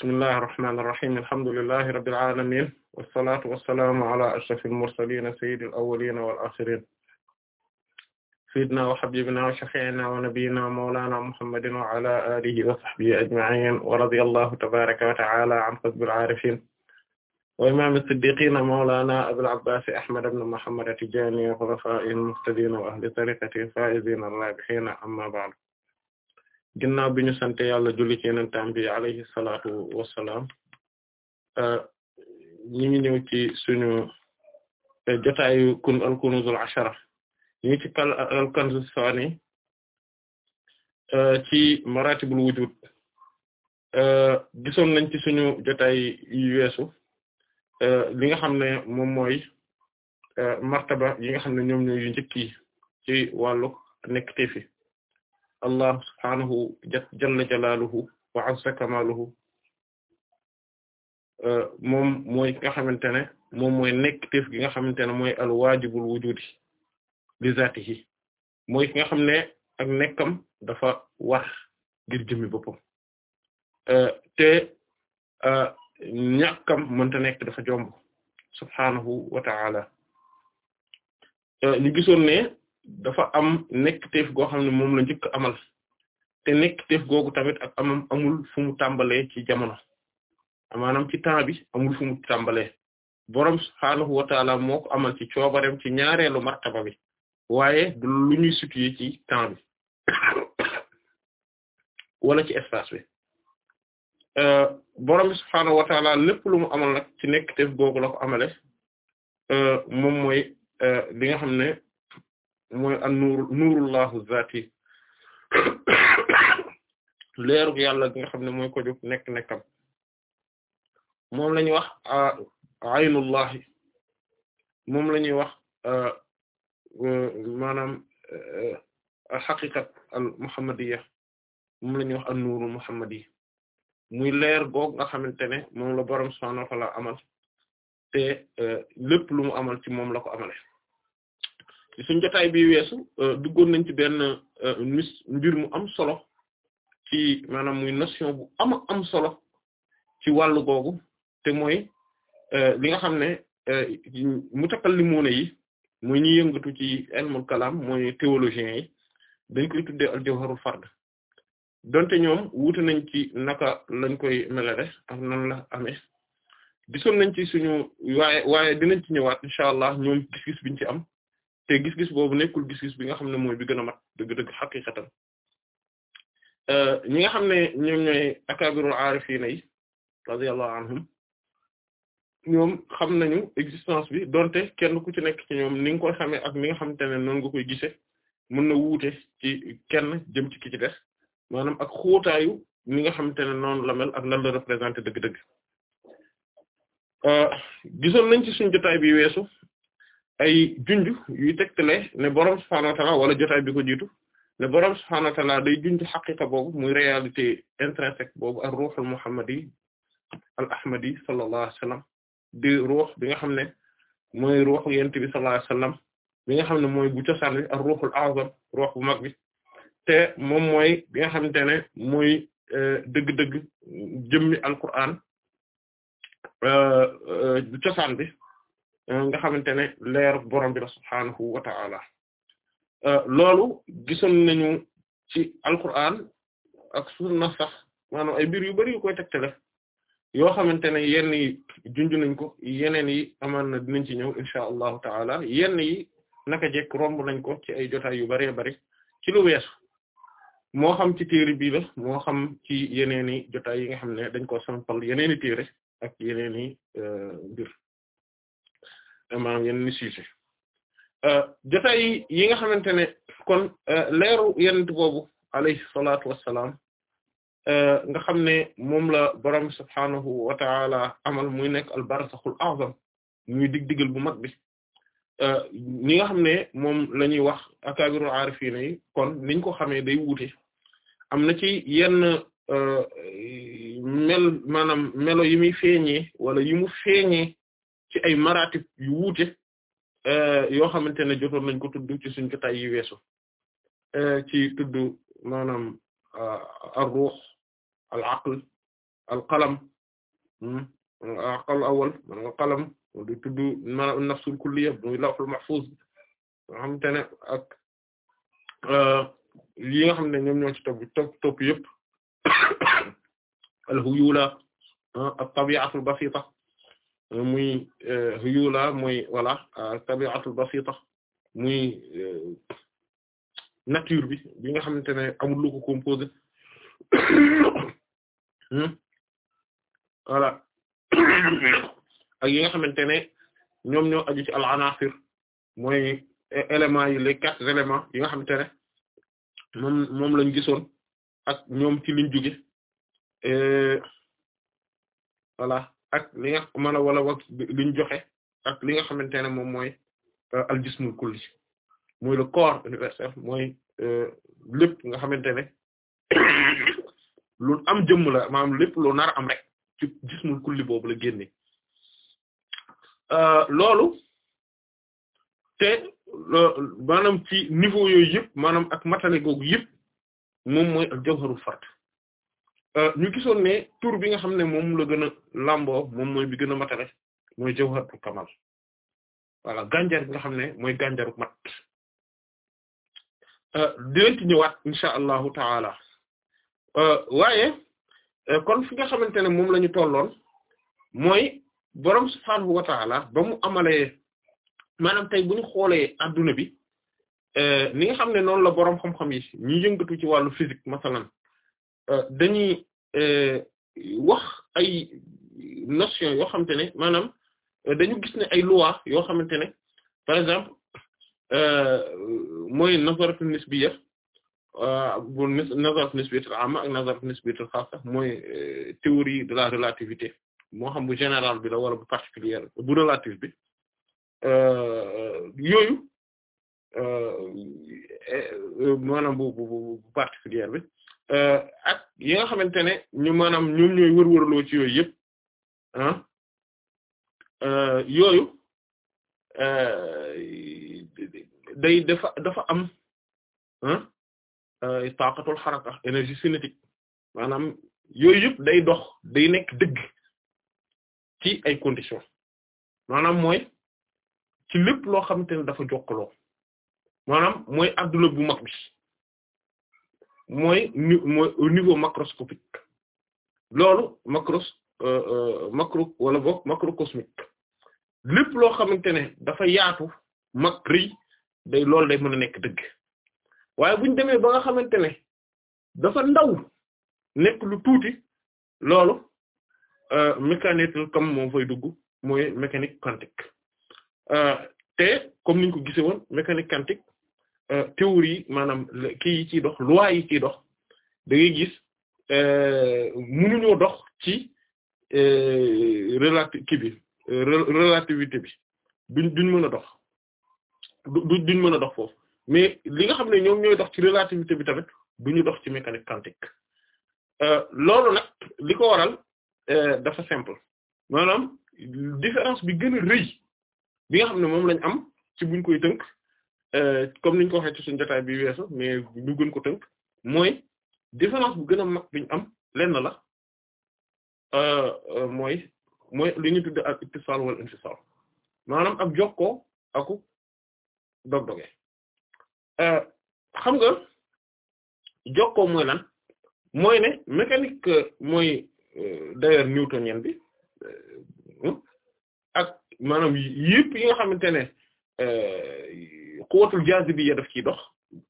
bismillahir rahmanir rahim alhamdulillahi rabbil alamin wassalatu wassalamu ala ashrafil mursalin sayyidil awwalin wal akhirin sayyidina wa habibina wa shafi'ina wa nabiyyina mawlana muhammadin wa ala alihi wa sahbihi ajma'in wa radiyallahu tabaraka wa ta'ala an qutbil arifin wa imam as-siddiqin mawlana abul abbas ahmad ibn muhammad at-tijani wa khulafa'il muhtadin wa ahli tariqatihi fa'izin ar-rabihin amma ba'd ginnaaw bi ñu sante yàlla julli ci bi alayhi salaatu wassalaam euh, ñi ngi ñëw ci suñu euh, jotaayu kun al kunuzul ashara ñi ngi ci kal al kanzu saani euh, ci maratibul wujud gisoon nañ ci suñu jotaay yu weesu li nga xam ne moom mooy martaba yi nga xam ne ñoom ñoo yu njëkk ci wàllu nekk teefi allah subhaanahu jalla jalaaluhu wa azza kamaaluhu euh, moom mooy nga xamante ne moom mooy nekk gi nga xamante ne mooy al waajibul wujudi li zaatihi mooy ki nga xam ne ak nekkam dafa war ngir jëmmi boppam euh, te euh, ñàkkam mënta nekk dafa jomb subhaanahu wa ta'ala ñu gisoon ne dafa am nekkteef goo xam ne moom la njëkk amal te nekkteef googu tamit ak amam amul fu tàmbale ci jamono maanaam ci temps bi amul fu mu borom subhaanahu wa taala moo amal ci coobareem ci ñaareelu martaba bi waaye du lu ñuy situé ci temps wala ci espace bi euh, borom subhaanahu wa taala lépp lu mu amal nag ci nekkteef googu la amale euh, moom mooy euh, li nga xam ne. mooy an nuur nuurullahu zaati leeru yàlla gi nga xam ne mooy ko jóg nekk nekkam moom la ñuy wax ah, aynullahi moom la ñuy wax ah, maanaam ah, xaqiqat al muhammadiyya moom la ñuy wax an nuurul muhammadi muy leer goog nga xamante ne moom la borom subhaanahu wa amal te lépp lu mu amal ci moom la ko amale suñ jotaay bi weesu euh, duggoon nañ ci benn euh, mis mbir mu am solo ci maanaam muy notion bu am am solo ci wàllu googu te mooy euh, li nga xam ne mu mutakallimuna yi mooy ñi yëngatu ci ilmul kalam mooy théologiens yi dañ koy tuddee al jawharul fard donte ñoom wuute nañ ci naka lañ koy melale ak nan la amee gisoon nañ ci suñu waaye waaye dinañ ci ñëwaat incha allah ñoom gis biñ ci am te gis-gis boobu nekkul gis-gis bi nga xam ne mooy bi gën a mat dëgg-dëgg xaqiqatan euh, ñi nga xam ne ñoom ñooy akabirul aarifina yi radiyallahu anhum ñoom xam nañu existence bi donte kenn ku ci nekk ci ñoom ni nga koy xamee ak ni nga xamante ne noonu nga koy gise mën na wuute ci kenn jëm ci ki des maanaam ak xóotaayu ni nga xamante ne noonu la mel ak lan la représenté dëgg-dëgg euh, gisoon nañ ci suñu jotaay bi weesu ay junj yuy tegtale ne borom subhaanahu wa wala jotaay bi ko jiitu ne borom subhaanahu wa day junj xaqiqa boobu muy réalité intrinsèque boobu ak ruuxul muhammadi al ahmadi sallallahu alayhi di ruux bi nga xam ne mooy ruuxu yent bi sallallahu bi nga xam ne mooy bu cosaan bi ak ruuxul azam ruux bu mag bi te moom mooy bi nga xamante ne mooy euh, dëgg-dëgg jëmmi alquran bu euh, euh, cosaan bi. Euh, nga xamante ne leer borom bi la subhaanahu wa ta'ala euh, loolu gisoon nañu ci alquran ak sunna sax maanaam ay mbir yu bari yu koy tegtale yoo xamante ne yenn yi junj nañ ko yeneen yi amaan na dinañ ci ñëw insha allahu ta'ala yenn yi naka jekk romb nañ ko ci ay jotaay yu bari bari ci lu weesu moo xam ci téere bii la moo xam ci yeneeni jotaay yi nga xam ne dañ ko sampal yeneeni téere ak yeneeni euh, mbir maanaam yenn sujet euh, jotaay yi nga xamante ne kon euh, leeru yenent boobu alayhi salaatu e nga xam ne moom la borom subhaanahu wa ta'ala amal muy nekk al barzaxul a'zam muy dig digal bu mag bi ñi nga xam ne moom la ñuy wax akabirul aarifiin yi kon niñ ko xamee day wuute am na ci yenn mel maanaam melo yi muy feeñee wala yi mu ci ay maratib yu wuute euh, yoo xamante ne jotoon nañ ko tudd ci suñ ko tay yi weesu euh, ci tudd maanaam euh, ar-ruh al-aql al-qalam hmm, al awal maanaam al-qalam di tudd maanaam nafsul kulliyya muy lawhul mahfuz yoo xamante ne ak yi nga xam ne ñoom ñoo ci topp topp topp yëpp al-huyula ah, at-tabi'atul basita muy euh, yula muy wala tabi'atul basita muy euh, nature bi bi nga xamante ne amul lu composé hmm? voilà ak yi nga xamante ne ñoom ñoo aju ci al anasir mooy éléments yi les quatre éléments yi nga xamante ne moom moom lañ gisoon ak ñoom ci liñ jóge voilà ak li nga mën wala wax li ñu joxe ak li nga xamante ne moom mooy euh, al jismul kulli la le corps universel mooy euh, lépp nga xamante ne lu am jëmm la maanaam lépp lu nar am rek ci jismul kulli boobu la génne euh, loolu te maanaam ci niveau yooyu yëpp maanaam ak matale googu yëpp moom mooy al jawharul fard Euh, ñu gisoon ne tur bi nga xam ne moom la gën a lamboo moom mooy bi gën a matale mooy jawharatul kamal voilà gànjar nga xam ne mooy gànjaru mat euh, dinañ ci ñëwaat incha allahu taala euh, waaye kon fi nga xamante ne moom la ñu tolloon mooy borom subhaanahu wa taala ba mu amalee maanaam tey bu ñu xoolee adduna bi ni nga xam ne noonu la borom xam-xam yi ñi yëngatu ci wàllu physique masalan dañuy euh, wax ay notion yoo xamante ne maanaam euh, dañu gis ne ay loi yoo xamante ne par exemple euh, mooy nazaratu nisbiyya bu nazaratu nisbiyyatul amma ak nazaratu nisbiyyatul xaassa mooy théorie de la relativité moo xam bu général bi wala bu particulier bu relative bi yooyu maanaam bu bu bu particulier bi Euh, ak yi nga xamante ne ñu maanaam ñoom ñooy wër-wërloo ci yooyu yëpp ah euh, euh, day dafa dafa am ah taqatul xaraka énergie cinétique maanaam yooyu yëpp day dox day nekk dëgg ci ay conditions maanaam mooy ci lépp loo xamante ne dafa jokkaloo maanaam mooy adduna bu bi. mooy mooy au loolu macroscopique loolu macros euh, euh, macro wala boog macrocosmique lépp loo xamante ne dafa yaatu mag rëy day loolu day mën a nekk dëgg waaye bu ñu demee ba nga xamante ne dafa ndaw nekk lu tuuti loolu euh, mécanique comme moom mooy mécanique quantique te comme niñ ko gisee woon mécanique quantique Euh, théorie maanaam kii yi dox loi yi ciy dox da ngay gis euh, mënuñoo dox ci euh, relati kii bi relativité bi duñ duñ mën a dox du duñ mën a dox foofu mais li nga xam ne ñoom ñooy dox ci relativité bi tamit ñu dox ci mécanique quantique loolu nag li ko waral dafa simple maanaam différence bi gën a rëy bi nga xam ne moom lañ am ci buñ koy tënk Euh, comme niñ ko waxee ci suñu bi bi weesu mais ñu gën ko tënk mooy différence bu gën a mag bi am lenn la euh, mooy mooy li ñu tudde ak ittisal wala infisal maanaam ak jokkoo aku dog-doge euh, xam nga jokkoo mooy lan mooy ne mécanique mooy d'ailleurs newtonien bi ak maanaam yëpp yi nga xamante ne quwwatul jazibiyya daf ci dox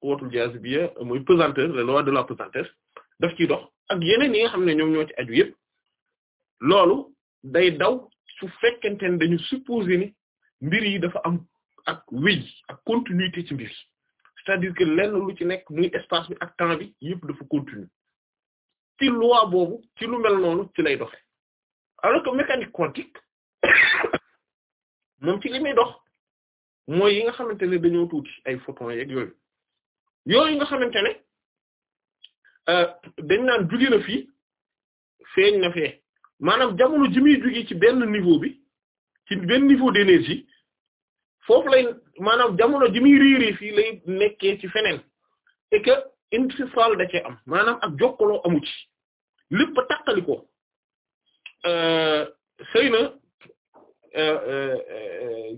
quwwatul jazibiyya muy pesanteur la loi de la pesanteur daf ciy dox ak yeneen yi xam ne ñoom ñoo ci aju yëpp loolu day daw su fekkente ne dañu supposer ni mbir yi dafa am ak wéy ak continuité ci mbir c'est-à-dire que lenn lu ci nekk muy espace bi ak temps bi yëpp dafa continue ci loi boobu ci lu mel noonu ci lay doxe alors que mécanique quantique moom ci li dox mooy yi nga xamante ne dañoo tuuti ay photons yeeg yooyu yooyu nga xamante ne euh, dañ naan juge na feeñ na fee maanaam jamono ji muy ci benn niveau bi ci benn niveau d'énergie foofu lay maanaam jamono ji muy réeree lay nekkee ci feneen et que intifal da cee am maanaam ak jokkaloo amu ci lépp a tàqali ko euh, xëy na euh,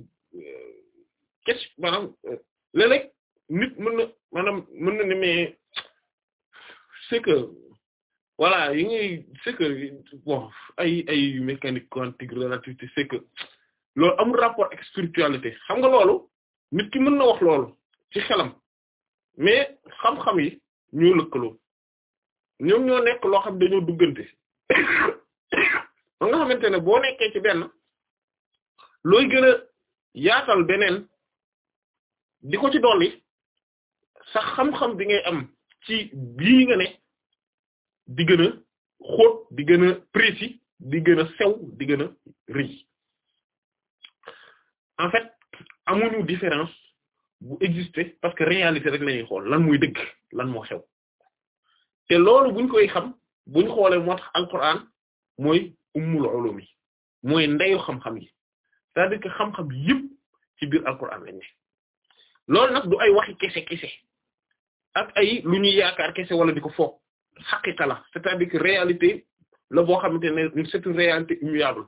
question maanaam léeg nit mën na maanaam mën na ne mais c'est que voilà yi ngay c'est que bon ay ay mécanique quantique relativité c'est que loolu amul rapport ak spiritualité xam nga loolu nit ki mën na wax loolu ci xelam mais xam-xam yi ñoo lëkkaloo ñoom ñoo nekk loo xam dañoo duggante ba nga xamante ne boo nekkee ci benn looy gën a yaatal beneen di ko ci dolli sax xam-xam bi ngay am ci bii nga ne di gën a di gën a précis di gën sew di gën a rëy en fait amuñu différence bu exister parce que réalité rek lañuy xool lan muy dëgg lan moo xew te loolu buñ koy xam buñ xoolee moo tax Alquran mooy ummul ulum yi mooy ndeyu xam-xam yi c'est-à-dire que xam-xam yëpp ci biir Alquran lañ ne loolu nag du ay waxi kese kese ak ay lu ñuy yaakaar kese wala di foog xaqiqa la c'est-à-dire que réalité la boo xamante ne c'est une réalité immuable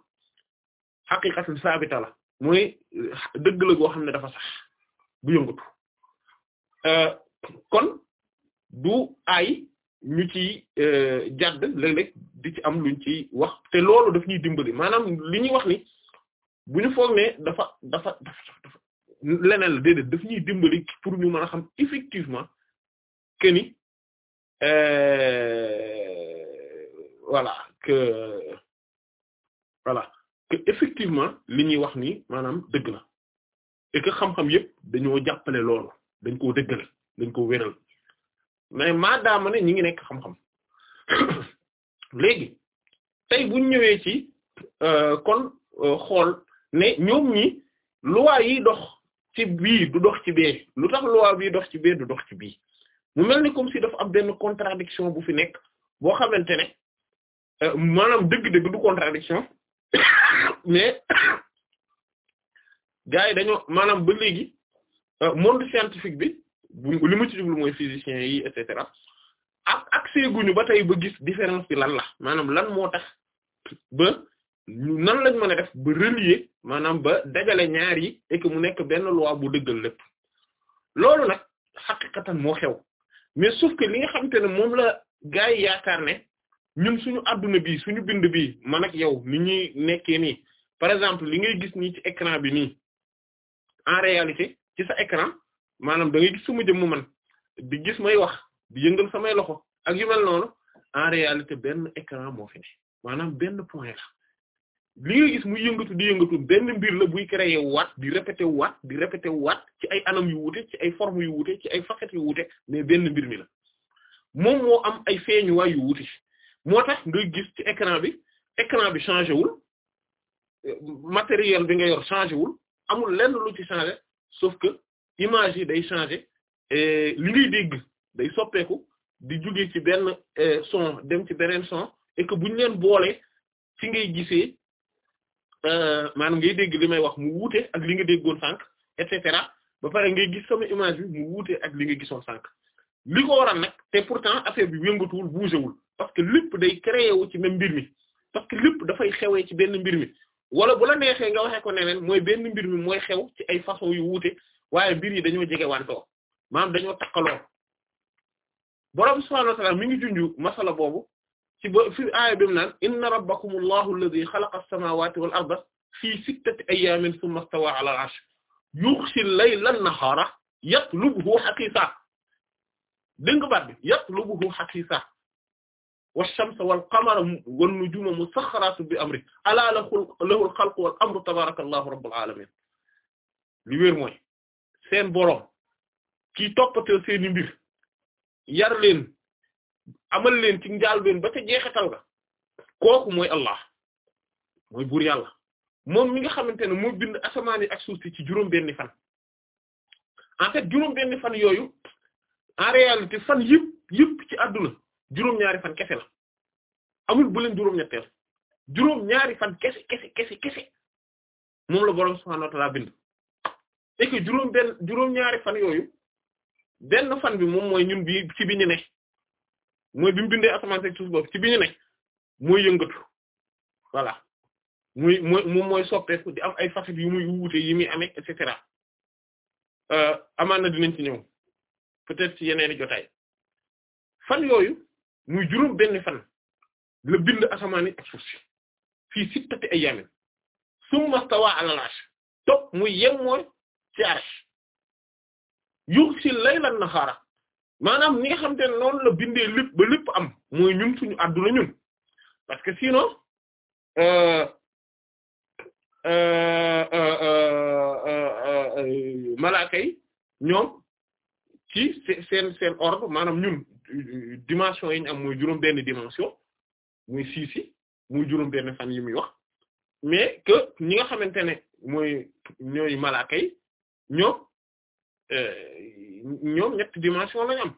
xaqiqatu saabita la mooy dëgg la goo xam ne dafa sax bu yëngatu euh, kon du ay ñu ci euh, jàdd léeg-léeg di ci am luñ ci wax te loolu daf ñuy dimbali maanaam li ñuy wax ni bu ñu foog ne dafa dafa dafa leneen la déedéet daf ñuy pour ñu mën a xam effectivement que ni euh, voilà que effectivement li ñuy wax ni maanaam dëgg na et que xam-xam yëpp dañoo jàppale loolu dañ koo dëggale dañ koo wéral mais maadaama ne ñi ngi nekk xam-xam léegi tey buñ ñëwee ci euh, kon euh, xool ne ñoom ñi loi yi dox ci bii du dox ci bee lu tax loi bii dox ci bee du dox ci bii mu mel ni comme si dafa am benn contradiction bu fi nekk boo xamante ne euh, maanaam dëgg-dëgg du contradiction mais gars yi dañoo maanaam ba léegi euh, monde scientifique bi li ma ci jublu mooy physiciens yi et cetera ak accès guñu ba tey ba gis différence bi lan la maanaam lan moo tax ba nan lañ mën a def ba relier maanaam ba dajale ñaar yi et mu nekk benn loi bu dëggal lépp loolu nag xaqiqatan moo xew mais sauf que li nga xamante ne moom la gaa yi yaakaar ne ñun suñu adduna bi suñu bind bi man ak yow ni ñuy nekkee nii par exemple li ngay gis nii ci écran bi nii en réalité ci sa écran maanaam da ngay gis sama jëmm man di gis may wax bi yëngal samay loxo ak yu mel en réalité benn écran moo fi ne maanaam benn point li nga gis muy yëngatu di yëngatu benn mbir la buy créer waat di répéter waat di répéter waat ci ay anam yu wute ci ay formes yu wute ci ay facettes yu wute mais benn mbir mi la moom moo am ay feeñuwaay yu wuuti moo tax nga gis ci écran bi écran bi changé wul matériel bi nga yor changé wul amul lenn lu ci changé sauf que image yi day changé euh, li ngay dégg day soppeeku di jóge ci benn euh, son dem ci beneen son et que buñ leen boole ci ngay gisee. Euh, maanaam ngay dégg li may wax mu wuute ak li nga déggoon sànq et cetera ba pare ngay gis sama image bi mu wuute ak li nga gisoon sànq li ko waral nag te pourtant affaire bi yëngatuwul bougéwul parce que lépp day créé wu ci même mbir mi parce que lépp dafay xewee ci benn mbir mi wala bu la neexee nga waxee ko neneen mooy benn mbir mi mooy xew ci ay façon yu wuute waaye mbir yi dañoo jege wantoo maam dañoo takkaloo borom subhaanahu wa ta'aala mi ngi junju masala boobu ci ba fi aaya bi mu naan inna rabbakum allahu alladhi xalaqa as-samawati wal arda fii sittati ayyamin thumma istawaa ala al-arsh yughshi al-layla an-nahara yatlubuhu hasiisa dégg nga baat bi yatlubuhu hasiisa wash-shamsa wal-qamara wan-nujuma musakhkharatu bi amri ala lahu al-khalqu wal-amru tabaraka allahu rabbul alamin li wér mooy seen boroom kii toppatoo seeni mbir yar leen amal leen ci njaalbeen ba ca jeexital ga kooku mooy Allah mooy buur yàlla moom mi nga xamante ne moo bind asamaan ak suuf si ci juróom benni fan en fait juróom benni fan yooyu en réalité fan yëpp yëpp ci àdduna juróom ñaari fan kese la amul bu leen juróom ñaari fan kese kese kese moom la boroom subhaanahu bind et juróom benn juróom ñaari fan yooyu benn fan bi moom mooy ñun bi ci bi ñu ne mooy bi mu bindee asamaan ak suuf boobu ci bi ñu nekk mooy yëngatu voilà muy mooy mooy soppeeku di am ay facettes yu muy wuute yi muy amee et cetera euh, amaan na dinañ ci ñëw peut-être ci yeneeni jotaay fan yooyu muy juróom benn fan la bind asamaan ak suuf si fii sittati ayyaamin summa stawaa alal arsh topp muy yem mooy ci arsh yughsil layla an-nahaara maanaam ni nga xam te ne noonu la bindee lépp ba lépp am moy ñun suñu àdduna ñun parce que sinon euh, euh, euh, malaaka yi ñoom ci seen seen ordre maanaam ñun dimension yi ñu am mooy juróom benn dimension muy sii si muy juróom benn fan yi muy wax mais ñi nga xamante ne mooy ñooy malaaka yi ñoom ñetti dimension lañu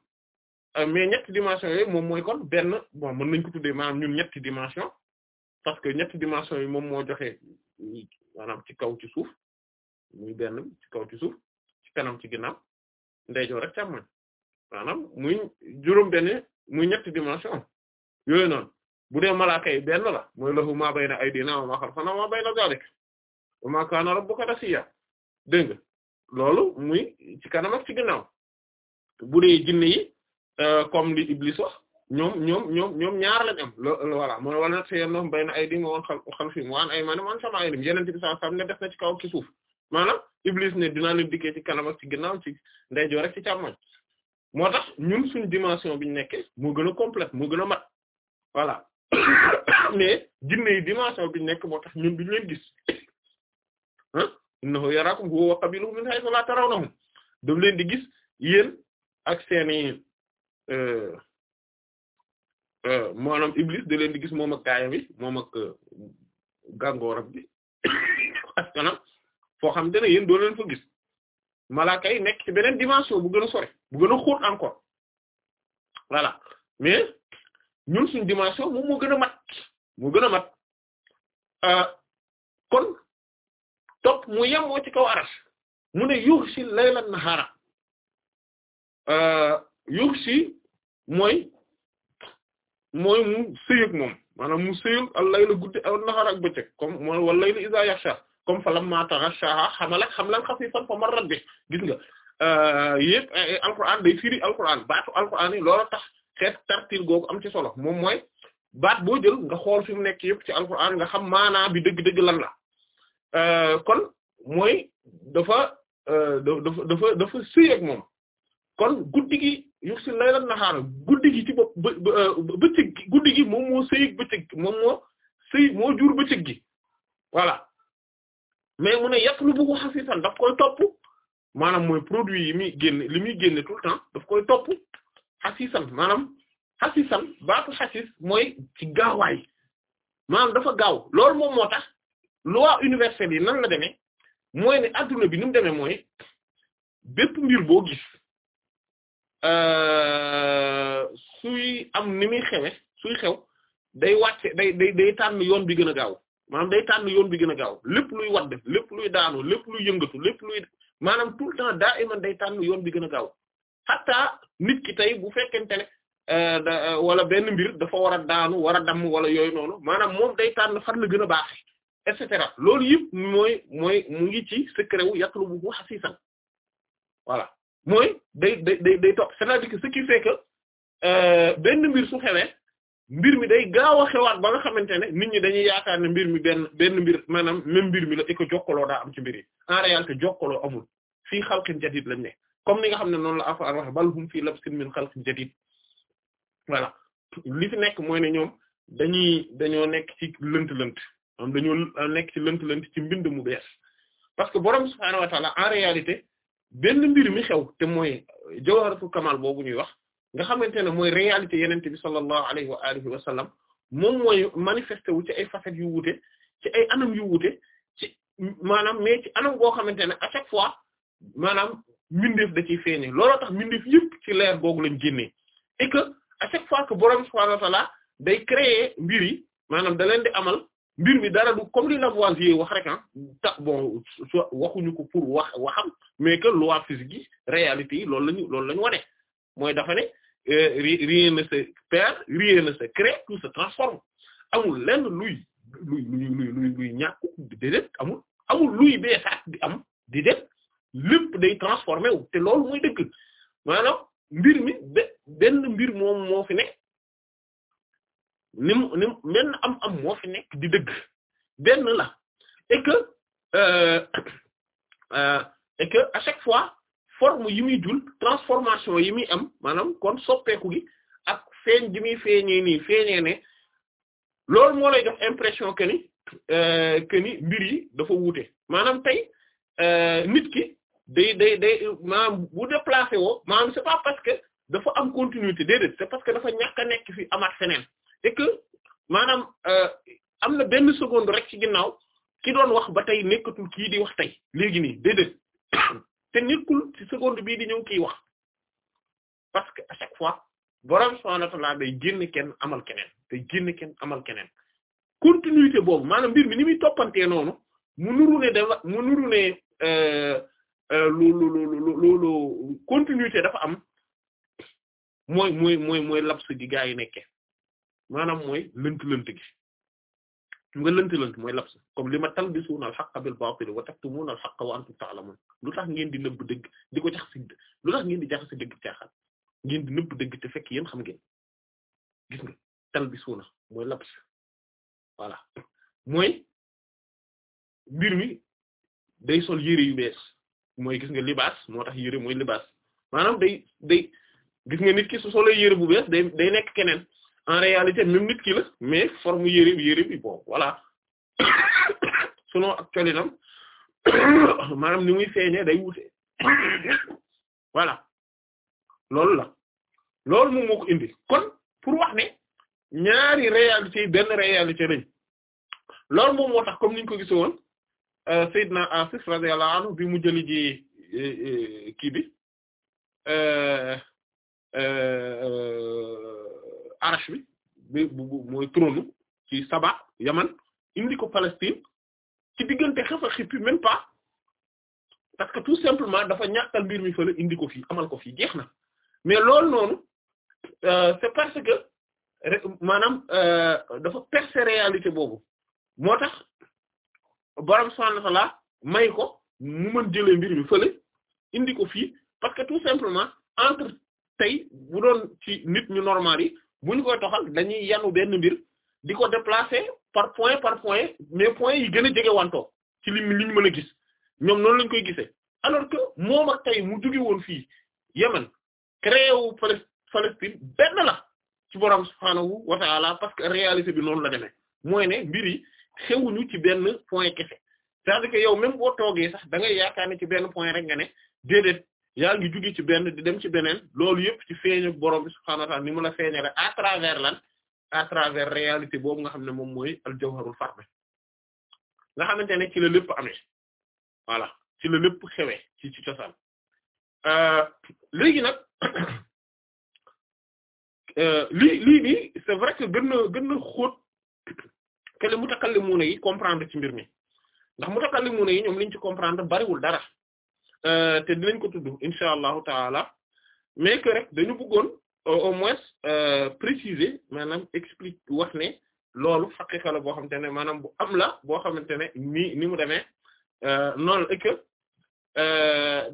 am euh, ñetti dimension yooyu moom mooy kon benn bon mën nañ ko tuddee maanaam ñun ñetti dimension parce que ñetti dimension yi moom moo joxe maanaam ci kaw ci suuf muy benn ci kaw ci suuf ci kanam ci ginnaaw ndeyjoor muy juróom benn muy ñetti dimension yooyu noonu bu dee malaaka yi benn la mooy lahu ma bayna aydina wa ma khalfana wa ma bayna zalik wa ma kana rabbuka nasiya dégg nga loolu muy ci kanam ak ci bu dee jinne yi euh, comme li Iblis wax ñoom ñoom ñoom ñoom ñaar lañ am loolu voilà mooy wala nag seen doom béy na ay di ma woon xal xal fi mu waan ay maanaam man sama ay lim yeneen bi sax xam ne def na ci kaw ci suuf maanaam Iblis ne dinaa leen dikkee ci kanam ak ci ginnaaw ci ndeyjoor rek ci càmmoñ moo tax ñun suñ dimension bi ñu nekkee moo gën a complète moo gën a mat voilà mais jinne yi dimension bi ñu nekk moo tax ñun duñ leen gis ah innahu yaraakum huwa wa qabiluhu min haythu la tarawnahum daf leen di gis yéen. ak seeni euh, euh, maanaam iblis da leen di gis moom ak kaayam yi moom ak euh, gàngooram xam te ne yéen doo leen gis malaaka nekk ci beneen dimension bu gën a encore voilà mais ñun suñ dimension moom moo mat moo mat kon topp mu yemoo ci kaw aras mu ne yughshil layla an-nahara Euh, yuxshi mooy mooy mu sëyëg moom maanaam mu sëyëg al-layla guddi aw naxaar ak bëccëg comme mooy wal-layli iza yaxsha comme falamma taghashaha hamalat hamlan khafifan famarrat bi gis nga euh, yëpp alquran day firi alquran baatu alquran yi loola tax xeet tartil googu am ci solo moom mooy baat boo jël nga xool fi mu nekk yëpp ci alquran nga xam maanaa bi dëgg-dëgg lan la euh, kon mooy dafa dafa dafa moom kon guddi gi yug si lay lan naxaara guddi gi ci bopp euh, bëccëg gi guddi gi moom moo sëyig bëccëg gi moom moo sëy moo jur bëccëg gi voilà mais mu ne yatlubu hasifan daf koy topp maanaam mooy produits yi muy génne li muy génne tout le temps daf koy topp hasisan maanaam hasisan baatu hasis mooy ci gaawaay maanaam dafa gaaw loolu moom moo tax loi universelle yi nan la demee mooy ne adduna bi ni mu demee mooy bépp mbir boo gis Euh, suy am ni muy xewe suy xew day wàcce day day day tànn yoon bi gën a gaaw maanaam day tànn yoon bi gën a gaaw lépp luy wadd lépp luy daanu lépp luy yëngatu lépp luy maanaam tout le temps daa iman day tànn yoon bi gën a gaaw xataa nit ki tey bu fekkente ne euh, euh, wala benn mbir dafa war a daanu war a damm wala yooyu noonu maanaam moom day tànn fan la gën a baax et cetera loolu yëpp mooy mooy mu ngi ci secret wu yàq lu bu xasiisan voilà mooy day day day day topp c'est-à-dire que euh, benn mbir su xewee mbir mi day gaaw a ba nga xamante ne nit ñi dañuy yaakaar ne mbir mi den benn mbir maanaam même mbir mi la et que jokkaloo daa am ci mbir yi en réalité jokkaloo amul fii xalqin jadid lañ ne comme ni nga xam ne noonu la Alxuraan waxe bal hum fii labsin min xalqin jadid voilà li nekk mooy ne ñoom dañuy dañoo nekk ci lënt-lënt am dañoo ci lënt-lënt mbind mu bees parce que borom subhaanahu wa ta'ala réalité benn mbir mi xew te mooy jawharatul kamal boobu ñuy wax nga xamante ne mooy réalité yenente bi sallallahu alayhi wa alihi wa sallam moom mooy manifesté wu ci ay facettes yu wuute ci ay anam yu wuute ci maanaam mais ci anam goo xamante ne à chaque fois maanaam mbindeef da ciy feeñe looloo tax mbindeef yëpp ci leer googu lañ génnee et que à chaque fois que borom subhanahu wa day créer mbir yi maanaam da leen di amal mbir mi dara du comme li Lavoisier wax rek ah tax bon waxuñu ko pour wax waxam mais que loi physique yi réalité yi loolu lañu loolu la ñu wane mooy dafa ne euh, rien ne se perd rien ne se crée tout se transforme amul lenn luy luy luy luy luy ñàkk déedéet amul amul luy beesaat di am déedéet lépp day transformé wu te loolu mooy dëgg maanaam mbir mi benn mbir moom moo fi ne ni mu ni am am moo fi nekk di dëgg benn la et que euh, euh, et que à chaque fois forme yi muy jul transformation yi muy am maanaam kon soppeeku gi ak feeñ ji muy feeñee nii feeñee ne loolu moo lay def impression que ni euh, que ni mbir yi dafa wuute maanaam tey euh, nit ki day day day maanaam bu déplacé woo maanaam c'est pas parce que dafa am continuité déedéet c'est parce que dafa ñàkk nekk fi amaat feneen et que maanaam euh, am na benn seconde rek ci ginnaaw ki doon wax ba tey nekkatul kii di wax tey léegi nii déedéet te nekkul ci seconde bii di ñëw kii wax parce que à chaque fois borom subhaanahu wa ta'aala day génn kenn amal keneen day génn ken amal keneen continuité boobu maanaam mbir mi ni muy noonu mu nuru ne dafa mu nuru ne euh, euh, lu lu lu lu lu continuité dafa am mooy mooy mooy mooy laps gi gaa yi nekkee. maanaam mooy lënt-lënt gi nga lënt-lënt mooy labs comme li ma talbisuuna al-haqqa bil-baatili wa taktumuuna al-haqqa wa antum ta'lamuun lu tax ngeen di nëbb dëgg di ko jaxase lu tax ngeen di jaxase dëgg ngeen di nëbb dëgg te fekk yéen xam ngeen gis nga talbisuuna mooy labs voilà moy mbir mi day sol yére yu bees mooy gis nga libaas moo tax yére mooy libaas maanaam day day gis nga nit ki su solee yére bu bees day day nekk keneen en réalité même nit ki la mais forme yëre bi bi bon voilà sinon ak colinam maanaam ni muy feeñee day wute voilà loolu la loolu moom moo indi kon pour wax ne ñaari réalité benn réalité lañ loolu moom tax comme niñ ko gisoon euh, Seydina Asis radiyallahu anhu bi mu jëli ji euh, euh, kii bi arsh bi bi mooy trône ci Saba Yaman indi ko Palestine ci diggante xef a xippi même pas parce tout simplement dafa ñàkkal mbir mi fële indi ko fii amal ko fii jeex na mais loolu noonu euh, c'est parce que maanaam euh, dafa percer réalité boobu moo tax borom subhanahu may ko mu mën jëlee mbir mi fële indi ko fii parce que tout simplement entre tey bu doon ci nit ñu normal yi bu ñu koy toxal dañuy yanu benn mbir di ko déplacer par point par point mais point yi gën jege wanto ci li li ñu mën a gis ñoom noonu lañ koy gisee alors que moom ak tey mu jóge woon fii Yémen créé wu Palestine benn la ci borom subhaanahu wa ta'ala parce que réalité bi noonu la demee mooy ne mbir yi xewuñu ci benn point kese c'est-à-dire que yow même boo toogee sax da nga yaakaar ne ci benn point rek nga ne déedéet yaa ngi jóge ci benn di dem ci beneen loolu yëpp ci feeñu borom bi subhaanahu wa ta'aala la feeñale à travers lan à travers réalité boobu nga xam ne moom mooy al-jawharul fard nga xamante ne ci la lépp amee voilà ci la lépp xewee ci ci cosaan euh, léegi nag euh, lii lii nii c'est vrai que gën na gën na xóot que le mutakallimuna yi comprendre ci mbir mi ndax mutakallimuna yi ñoom liñ ci comprendre bariwul dara Euh, te dinañ ko tudd incha allahu taala mais que rek dañu euh, au moins euh, préciser maanaam explique wax ne loolu xaqiqa la boo xamante ne maanaam bu am la boo xamante ne ni ni mu demee noonu et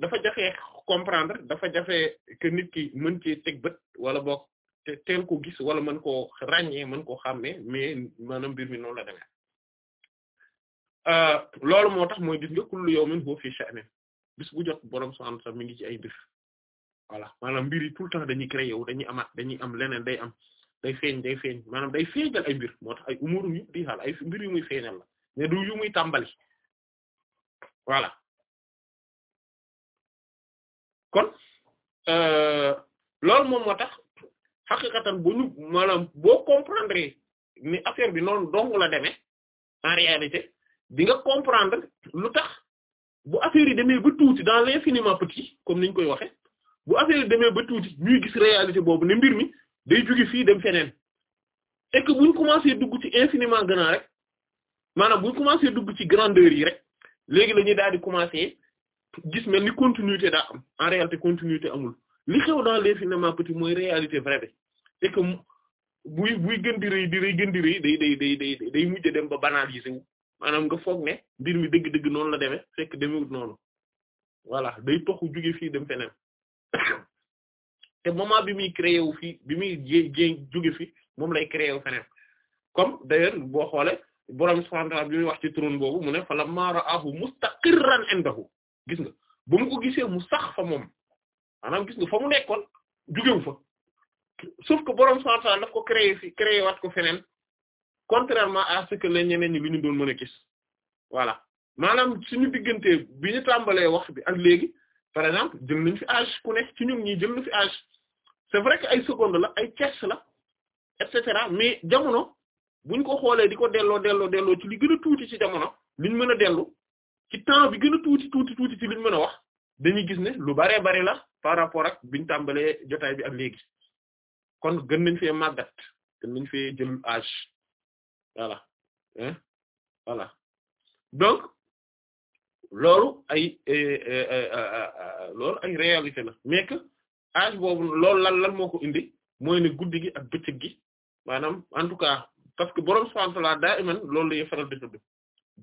dafa jafe comprendre dafa jafe que nit ki mën ci teg bët wala boog te teel ko gis wala mën koo ràññee mën koo xàmmee mais maanaam mbir mi noonu la loolu moo tax mooy gis nga kullu yawmin huwa fi sha'nin bis bu jot borom subhanahu wa ta'ala mi ngi ci ay mbir voilà maanaam mbir yi tout le temps dañuy créer wu dañuy amaat dañuy am leneen day am day feeñ day feeñ maanaam day feeñal ay mbir moo tax umurum yëpp di xaal ay mbir yu muy feeñal la mais du yu muy tàmbali voilà kon euh, loolu moom moo tax xaqiqatan bu ñu maanaam boo comprendre ni affaire bi noonu dong a demee en réalité di comprendre lu tax. bu affaire yi demee ba tuuti dans l'infiniment petit comme niñ koy waxe bu affaire yi demee ba tuuti ñuy gis réalité boobu ne mbir mi day jóge fii dem feneen et que buñ commencé dugg ci infiniment grand rek maanaam buñ commencé dugg ci grandeur yi rek léegi la ñuy daal di commencé gis mel ni continuité daa am en réalité continuité amul li xew dans l'infiniment petit mooy réalité vraie bi et que buy buy gën di rëy di rëy gën di rëy day day day day day mujj dem ba banaliser wu maanaam nga foog ne mbir mi dëgg-dëgg noonu la demee fekk demewut noonu voilà day toxu jóge fii dem feneen te moment bi muy créé wu fii bi muy jé jé fi moom lay créé wu feneen comme d'ailleurs boo xoolee borom subhanahu wa wax ci trône boobu mu ne fa lamma ra'ahu mustaqirran indahu gis nga ba mu ko gisee mu sax fa moom maanaam gis nga fa mu nekkoon jógewu fa sauf que borom subhanahu daf ko créé fi ko feneen. contrairement à ce que les ñeneen ñi lu ñu doon mën a gis voilà maanaam suñu diggante bi ñu tàmbalee wax bi ak léegi par exemple jël nañ fi âge ku ci ñun ñii jël na fi âge c'est vrai que ay seconde la ay tierce la et cetera mais jamono buñ ko xoolee di ko delloo delloo delloo ci li gën a tuuti ci jamono liñ mën a dellu ci temps bi gën a tuuti tuuti ci liñ mën a wax dañuy gis ne lu baree bari la par rapport ak biñ tàmbalee jotaay bi ak léegi kon gën nañ fee màggat gën nañ fee jël voilà hein voilà donc loolu ay eh, eh, eh, loolu ay réalité na mais que âge boobu loolu lan lan moo indi mooy ne guddi gi ak bëccëg gi maanaam en tout cas parce que borom subhanahu wa ta'ala daa iman loolu faral di tudd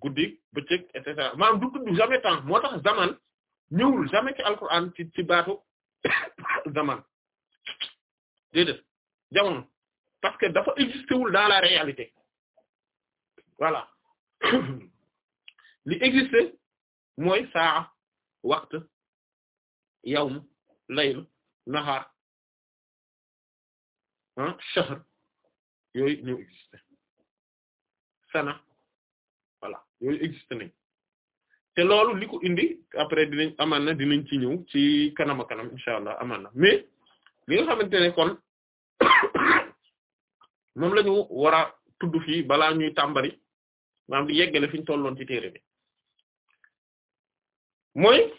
guddi bëccëg et cetera du tudd jamais temps moo tax zaman ñëwul jamais ci alquran ci ci baatu parce que dafa existé wul dans réalité voilà li existe mooy saa waxtu yawm layl nahaar ah shahr yooyu ñoo existe sana voilà yooyu existe nañ te loolu li ko indi après dinañ amaan na dinañ ci ñëw ci kanam kanam incha allah amaan na li nga xamante ne kon moom lañu ñu war a tudd fii balaa ñuy tàmbali maanaam di yeggale fi ñu tolloon ci téere bi mooy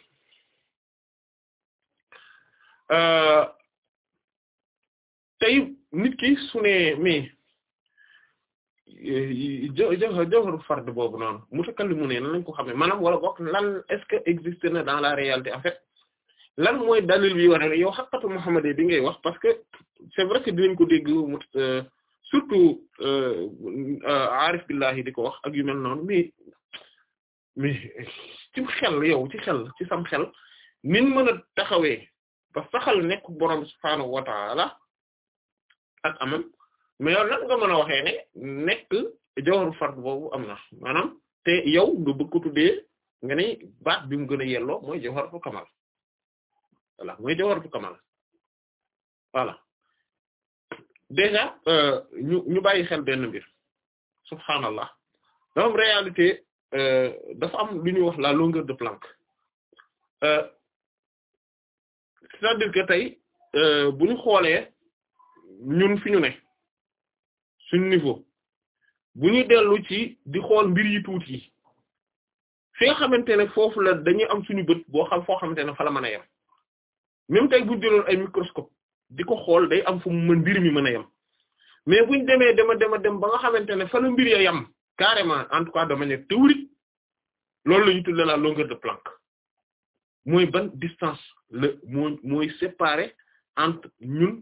euh, nit ki su ne mais euh, jawharu fard boobu noonu mutakallimu ne nan lañ ko xamee maanaam wala bokk lan est-ce que existe na dans la réalité en fait lan mooy dalil bi wane yow xaqatu Muhammad bi ngay wax parce que c'est vrai que dinañ ko surtout aarif euh, euh, billahi di ko wax ak yu mel noonu mais ci xel yow ci xel ci sam xel nin mën a taxawee ba saxal nekk borom subhaanahu wa taala ak amam mais yow nan nga mën a waxee ne nekk jawaru fard boobu am na maanaam te yow nga bëgg ko tuddee nga ne baat bi mu gën a yelloo mooy jawharatu kamal voilà mooy jawharatu kamal voilà déjà euh, ñu ñu bàyyi xel benn mbir subhaanallah dafa am réalité euh, dafa am lu ñuy wax la longueur de Planck euh, c'est-à-dire tey bu ñu xoolee ñun fi ñu ne suñu niveau bu ñuy dellu ci di xool mbir yi tuuti yi fi nga xamante ne foofu la dañuy am suñu bët boo xam foo xamante ne fa la mën a yem même tey bu jëloon ay microscope di ko xool day am fu mu mën mbir mi mën a yem mais buñ demee dema dema dem ba nga xamante ne fa la mbir ya yem carrément en tout cas de manière théorique loolu la ñu tuddee la longueur de Planck mooy ban distance la mooy mooy entre ñun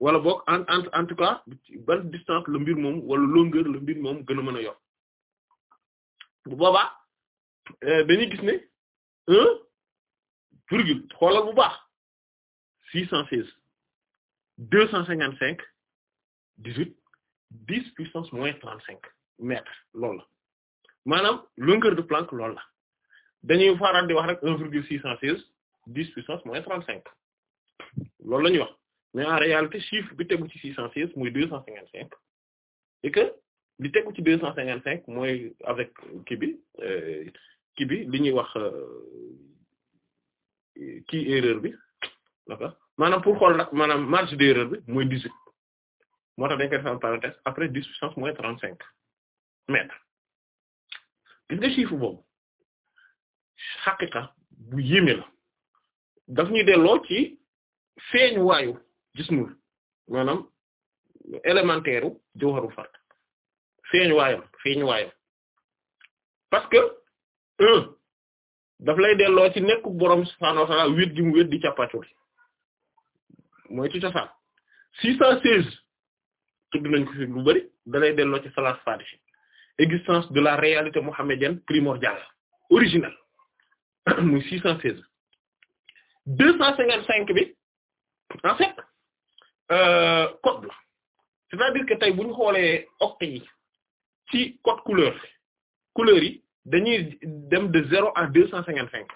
wala boog en en tout cas ban distance la mbir moom wala longueur la mbir moom gën a mën a yor bu boobaa euh, dañuy gis ne un virgule xoolal bu baax six cent deux cent cinquante cinq dix-huit dix puissance moins trente-cinq mètres loolu la maanaam longueur de Planck loolu la dañuy faral di wax rek un virgule six cent seize dix puissance moins trente-cinq loolu la ñuy wax mais en réalité chiffre bi tegu ci six cent seize muy deux cent cinquante cinq et que li tegu ci deux cent cinquante cinq mooy avec kii bi euh, kii bi li ñuy wax euh, kii erreur bi d'accord maanaam pour xool nag maanaam marge d'erreur bi mooy dix-huit moo tax dañ koy defal parenthèse après distance mooy trente cinq mètres gis nga chiffre boobu xaqiqa bu yéeme la daf ñuy delloo ci feeñ waayu jismul maanaam élémentaire u jawharu feeñ waayam feeñ waayam parce que un daf lay delloo ci nekk boroom subhaanahu wa ta'aala gi mu wét di càppaaculi mooy ci cosaan six cent seize tudd nañ ko fi lu bari dalay delloo ci salat fatihi existence de la réalité mohammedienne primordiale originale muy six cent seize deux cent cinquante bi en fait euh, code c'est-à-dire que tey bu xoolee octet yi ci code couleur couleur yi dañuy dem de zéro à deux cent cinquante cinq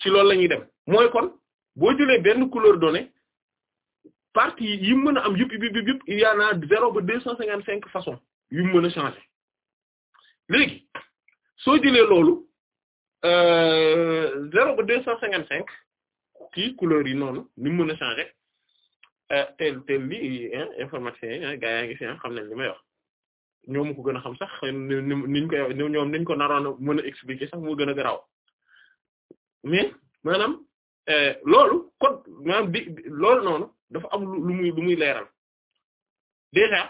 ci loolu lañuy dem mooy kon boo jëlee benn couleur donnée partie yi mu mën a am yëpp yëpp yëpp il y en a zéro ba deux cent cinquante cinq façons yu mu mën a changer léegi soo loolu euh, zéro ba deux cent cinquante cinq ci couleurs yi noonu ni mu mën a changer tel euh, tel li informaticien yi gaa yaa ngi fi xam nañ li may wax ñoom ko gën a xam sax niñ ko ñoom niñ ko naroon mën a expliquer sax moo gën a garaaw mais maanaam Eh, loolu kon maanaam di loolu noonu dafa am lu muy lu muy leeral déjà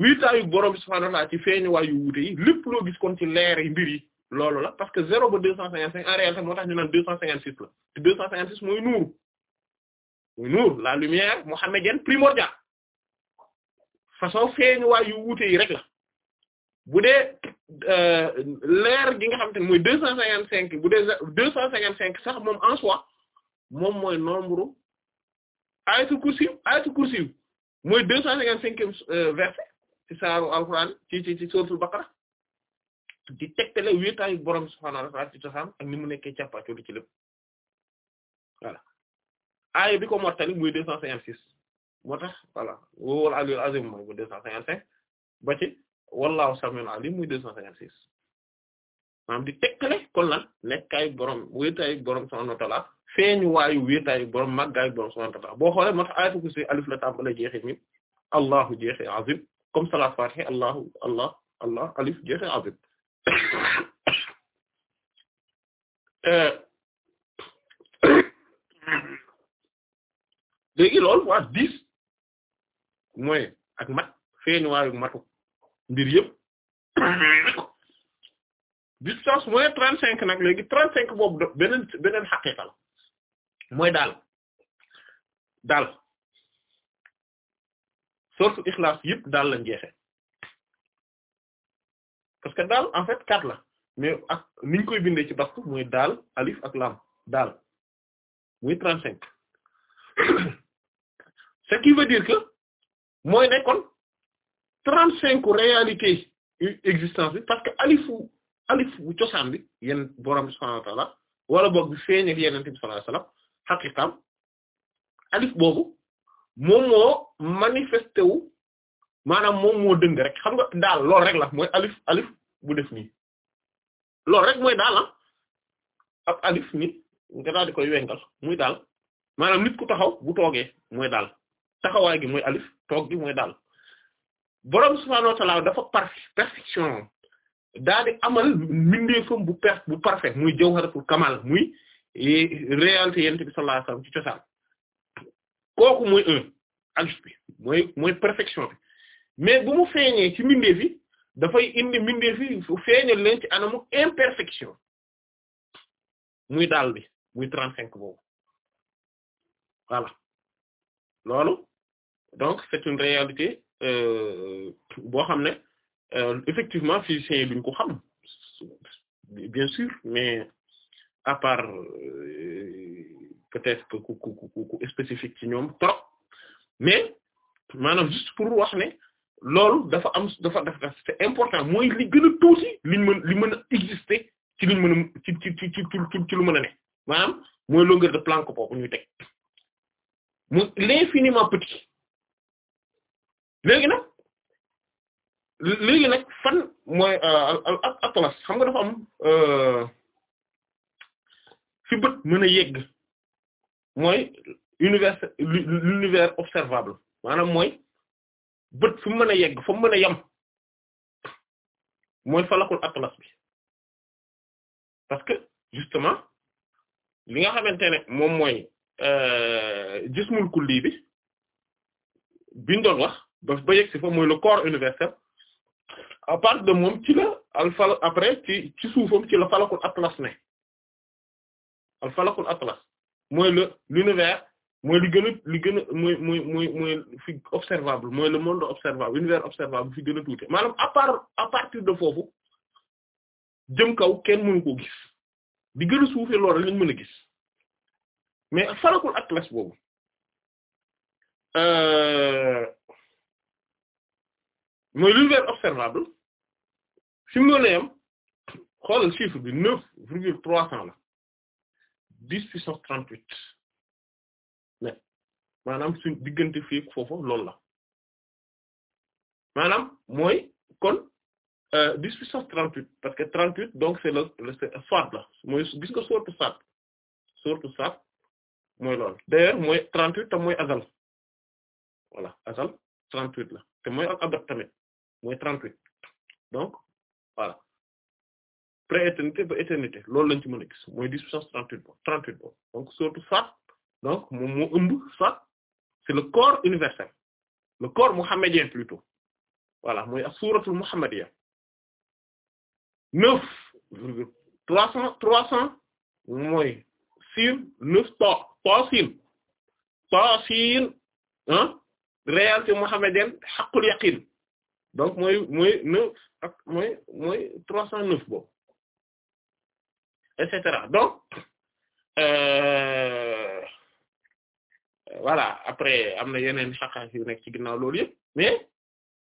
wiitaayu borom bi subhaanahu wa ta'aala ci feeñuwaay yu wuute yi lépp loo gis kon ci leer yi mbir loolu la parce que zéro ba deux cent cinquante cinq en réalité moo tax naan deux cent cinquante six la deux cent cinquante six mooy nuuru mooy nuur la lumière mohammedienne primordiale façon feeñuwaay yu wuute yi rek la bu dee euh, leer gi nga xam te ne mooy deux cent cinquante cinq bu deux cent cinquante cinq sax moom en soi moom mooy nombre ayatul kursi ayatul kursi mooy deux cent cinquante cinquième euh, verset ci saaru alxuraan ci ci ci suratul baqara di tegtale wéetaayu borom subhaanahu wa ta'aala ci cosaan ak ni mu nekkee càppaacolu ci lépp voilà bi ko mortali muy deux cent cinquante six moo tax voilà wowal alil azim mooy deux cent cinquante cinq ba wallahu samiul alim muy deux cent cinquante six maanaam di tekkale kon lan nekkaayu borom wéetaayu borom subhaanahu wa ta'aala feeñ waayu wéetaayu borom màggaayu borom subhaanahu wa ta'aala boo xoolee moo tax ayatu kursi alif la tàmbalee jeexee mi allahu jeexee azim comme salaat fatihi allahu alif jeexee azim léegi loolu waa dix mooy ak mat feeñ waayu matu mbir yëpp distance mu ne trente cinq nag léegi trente cinq boobu beneen beneen xaqiqa la mooy daal daal source Ikhlas yëpp daal lañ jeexe parce que daal en fait quatre la mais ak ni koy bindee ci bast mooy daal alif ak lam daal muy trente cinq ce qui veut dire que mooy ne trente-cinq réalité existence bi parce que alifu alifu bu cosaan bi yenn borom bi subhaanahu wa ta'aala wala boog bi feeñal yeneen bi sallallahu alayhi wasallam xaqiqam alif boobu moom mo manifesté wu maanaam moom moo dëng rek xam nga daal lool rek la mooy alif alif bu def nii loolu rek mooy daal la ab alif ni nga di koy wengal muy daal maanaam nit ku taxaw bu toogee mooy daal taxawaay gi mooy alif toog gi mooy daal borom subhaanahu wa dafa parfait perfection daal amal mbindeefam bu per bu parfait muy kamal muy eh, réalité yent bi sallallahu alayhi ci cosaan kooku mooy un ajus bi mooy mooy perfection mais bu mu feeñee ci mbindeef dafay indi mbindeef yi fu leen ci anamu imperfection muy daal bi muy trente cinq boobu voilà loolu donc c'est une réalité Euh, boo xam ne euh, effectivement physiciens yi duñ ko xam bien sûr mais à part euh, peut-être que spécifique ci ñoom trop mais maanaam juste pour wax ne loolu dafa am dafa dafa c'est important mooy li gën a tuuti mën li mën a exister ci liñ mën ci ci ci ci ci lu mën a maanaam mooy longueur de Planck boobu ñuy teg mu l'infiniment petit léegi nag léegi nag fan mooy euh, atlas xam nga dafa euh, fi bët mën a yegg mooy univers l'univers observable maanaam mooy bët fu mën a yegg fu mën a yem mooy falakul atlas bi parce que justement li nga xamante ne moom mooy euh, jismul kulli bi biñ doon wax ba ba yegg fa muy le corps universel à part de moom ci la après ci ci ci la falakul atlas ne al falakul atlas mooy le l'univers mooy li gën a li gën a mooy mooy mooy mooy fi observable mooy le monde observable univers observable fi gën a tuuti maanaam à part de foofu jëm kaw kenn mënu ko gis di gën a suufee loolu mën a gis mais falakul atlas boobu. Euh, mooy l'univers observable fi mu ne chiffre bi neuf virgule trois cent la dix puissance trente-huit mais maanaam suñ diggante fii foofu loolu la maanaam mooy kon euh, dix puissance trente-huit parce que trente-huit donc c'est le c'est soit la mooy gis nga sourate Saad sourate Saad mooy loolu d'ailleurs mooy trente-huit te mooy azal voilà azal trente-huit la te mooy ak tamit mooy 38 donc voilà pré-éternité ba éternité loolu lañ ci mën a gis mooy 10 puissance 38 bo 38 bo donc surtout Fat donc moo ëmb Fat c'est le corps universel le corps mohammedien plutôt voilà mooy as-suuratul muhammadiyya 9 virgule 300 300 mooy sin 9 to to sin to sin réalité mohammedienne haqqul yaqin donc mooy mooy neuf ak trois cent neuf boobu et donc euh, voilà après am na yeneen xaqaas yu nekk ci ginnaaw lool yëpp mais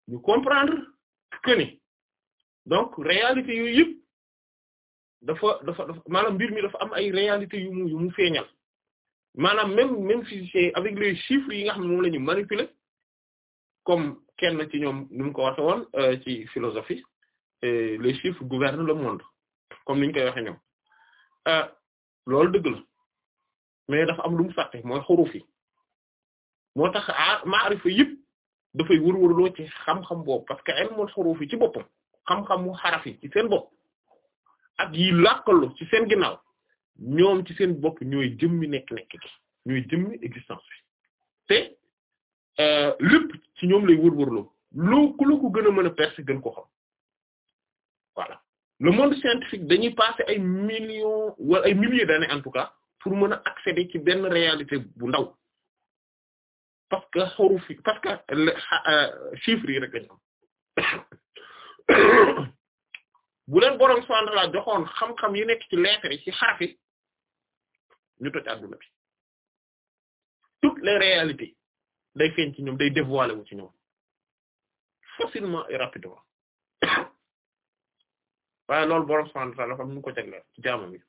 ñu comprendre que ni donc réalité yooyu yëpp dafa dafa dafa mbir mi dafa am ay réalité yu mu yu mu même même si avec les chiffres yi nga xam ne moom manipuler comme kenn ci ñoom ni mu ko waxe woon euh, ci philosophie euh, les chiffres gouvernent le monde comme ni ñu koy waxe ñoom euh, loolu dëgg la mais dafa am lu mu fàtte mooy xuruf yi moo tax maarifa yëpp dafay wërwërloo ci xam-xam boobu parce que ilmul xuruf yi ci boppam xam-xamu xaraf ci seen bopp ak yi làkkaloo ci seen ginnaaw ñoom ci sen bopp ñooy jëmmi nekk-nekk gi ñooy jëmmi existence bi te Euh, lépp ci ñoom lay wër-wërloo loo ku la ko gën a mën a percer gën ko xam voilà le monde scientifique dañuy passer ay millions wala ay milliers d'années en tout cas pour mën a accéder ci benn réalité bu ndaw parce que xuruf yi parce que euh, chiffres yi rek bu leen boroom subhaanahu wa ta'aala joxoon xam-xam yi nekk ci lettres yi ci ñu toj àdduna bi toutes les réalités day feeñ ci ñoom day dévoilé wu ci ñoom facilement et rapidement waaye loolu borom subhanahu wa ta'ala ko jagleel ci jaamam yi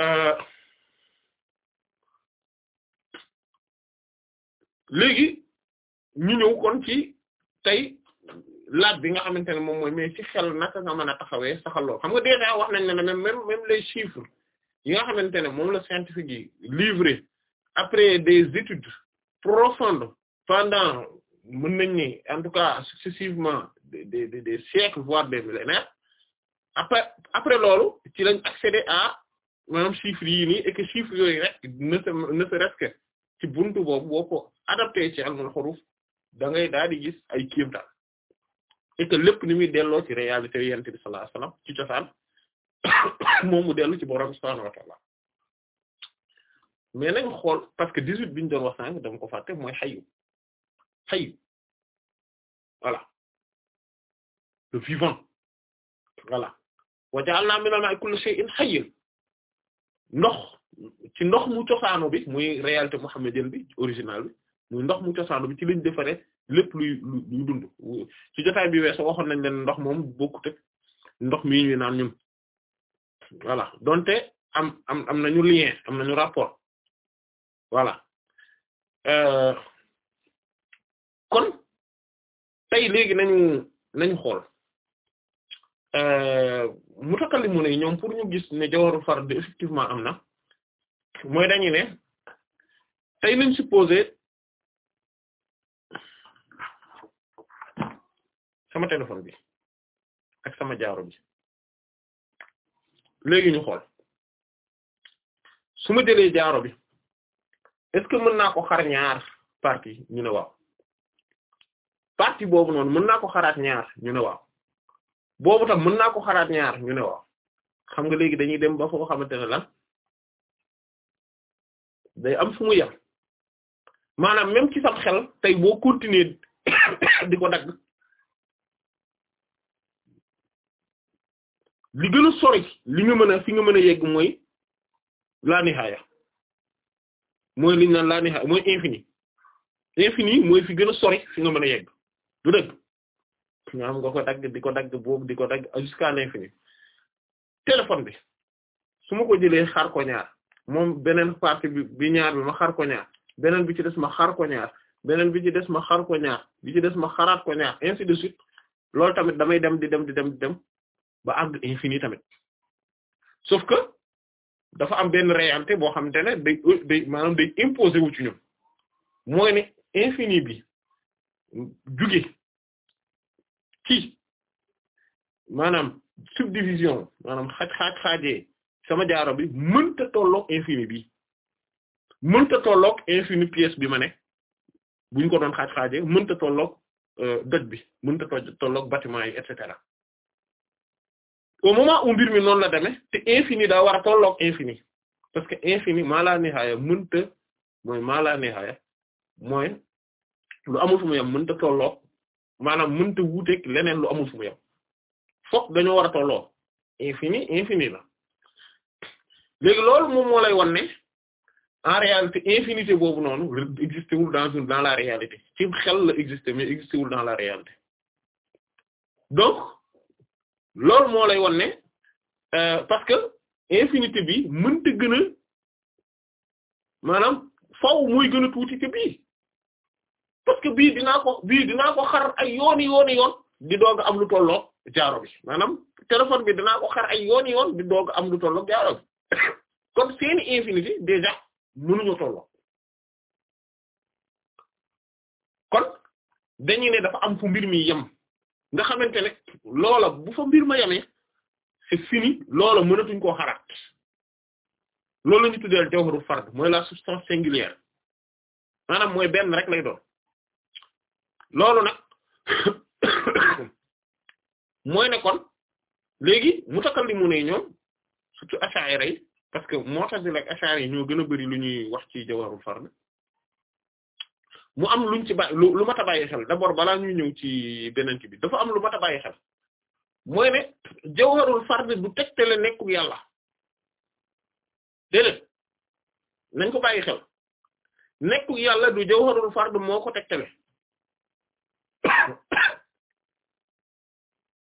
euh, léegi ñu ñëw kon ci tey laaj bi nga xamante ne moom mooy mais ci xel naka nga mën a taxawee saxal lool xam nga déjà wax nañ ne même même les chiffres yi nga xamante ne moom la scientifique yi livré après des études profondes pendant mën nañ ni en tout cas successivement des des des, des des millénaires après après loolu ci lañ accéder à maanaam chiffres yii nii et que chiffres yooyu rek ne se ne que ci buntu boobu boo ko adapté ci almal xuruf da ngay di gis ay kéemtaan et que lépp ni muy delloo ci réalité yent bi sallallahu ci cosaan moom mu dellu ci borom subhaanahu wa mais nañ xool parce que 18 bi doon wax sànq dama mooy xayu xayu voilà le vivant voilà wa ja'alna minal ma'i kulli shay'in ndox ci ndox mu cosaano bi muy réalité mohammedienne bi original bi muy ndox mu cosaano bi ci lañ defaree lépp luy luy dund ci jotaay bi weesu waxoon nañ leen ndox moom bokkut ak ndox mii ñuy naan ñun voilà donte am am am nañu lien am nañu rapport voilà euh, kon tey léegi nañu nañu xool euh, mutakallimuna yi ñoom pour ñu gis ne jawaru fard effectivement am na mooy dañu ne tey nañ supposé sama téléphone bi ak sama jaaro bi léegi ñu xool su ma jëlee jaaro bi est-ce que mën na ko xar ñaar partie ñu ne waaw partie boobu noonu mën naa ko xaraat ñaar ñu ne waaw boobu tam mën naa ko xaraat ñaar ñu ne waaw xam nga léegi dañuy dem ba foo xamante ne day am fu mu yem maanaam même ci sam xel tey boo continuer di ko dagg li gën a li nga mën a fi nga mën a yegg mooy la nihaaya mooy liñ naan laa neexa mooy infini infini mooy fi gën a sori fi nga mën a yegg du dëgg nga xam nga ko dagg di ko dagg boobu di ko dagg jusqu'à l'infini téléphone bi su ma ko jëlee xar ko ñaar moom beneen partie bi bi ñaar bi ma xar ko ñaar beneen bi ci des ma xar ko ñaar beneen bi ci des ma xar ko ci des ma xaraat loolu tamit damay dem di dem di dem dem ba àgg infini tamit sauf que dafa am benn réalité boo xamante ne day euh, day maanaam day imposer wu ci ñun mooy ne infini bi juge ci maanaam subdivision maanaam xaj xaaj xaajee sama jaaro bi mënta tolloog infini bi mënta tolloog infini pièce bi ma ne buñ ko doon xaaj xaajee mënta tolloog euh, doj bi mënta tolloog bâtiment yi et cetera au moment où mbir la demee te infini daa war a tolloog parce que infini maa laa nihaaya mënta mooy maa laa nihaaya mooy lu amul fu mu yem mënta tolloog maanaam mënta wuuteeg leneen lu amul fu mu yem fokk dañoo war a tolloo infini infini la léegi loolu moom moo en réalité infinité boobu noonu existé wul dans une dans la réalité ci xel la existé mais dans la réalité donc loolu moo lay won ne euh, parce que infinité bi mënta gën a maanaam faw muy gën a tuuti parce que bii dinaa ko xar ay yooni yooni yoon di doog am lu tolloo jaaro maanam maanaam téléphone bi dinaa ko xar ay yooni yoon di doog am lu tolloo jaaro kon seeni infinité déjà mënuñu tolloo kon dañuy ne dafa am fu mbir mi yem nga xamante ne loola bu fa mbir ma yamee c'est fini loola mënatuñ koo xaraat loolu la ñu tuddeel jawharul fard mooy la substance singulière maanaam mooy benn rek lay doon loolu nag mooy ne kon léegi mutakallimu ne ñoom surtout ash'ari yi parce que mu'tazila ak ash'ari yi ñoo gën a bari lu ñuy wax ci jawharul fard mu am luñ ci ba lu lu mat xel d'abord balaa ñuy ñëw ci beneen bi dafa am lu mat a bàyyi xel mooy ne jawharul fard du tegtale nekkul yàlla nañ ko bàyyi yàlla du jawharul fard moo ko tegtale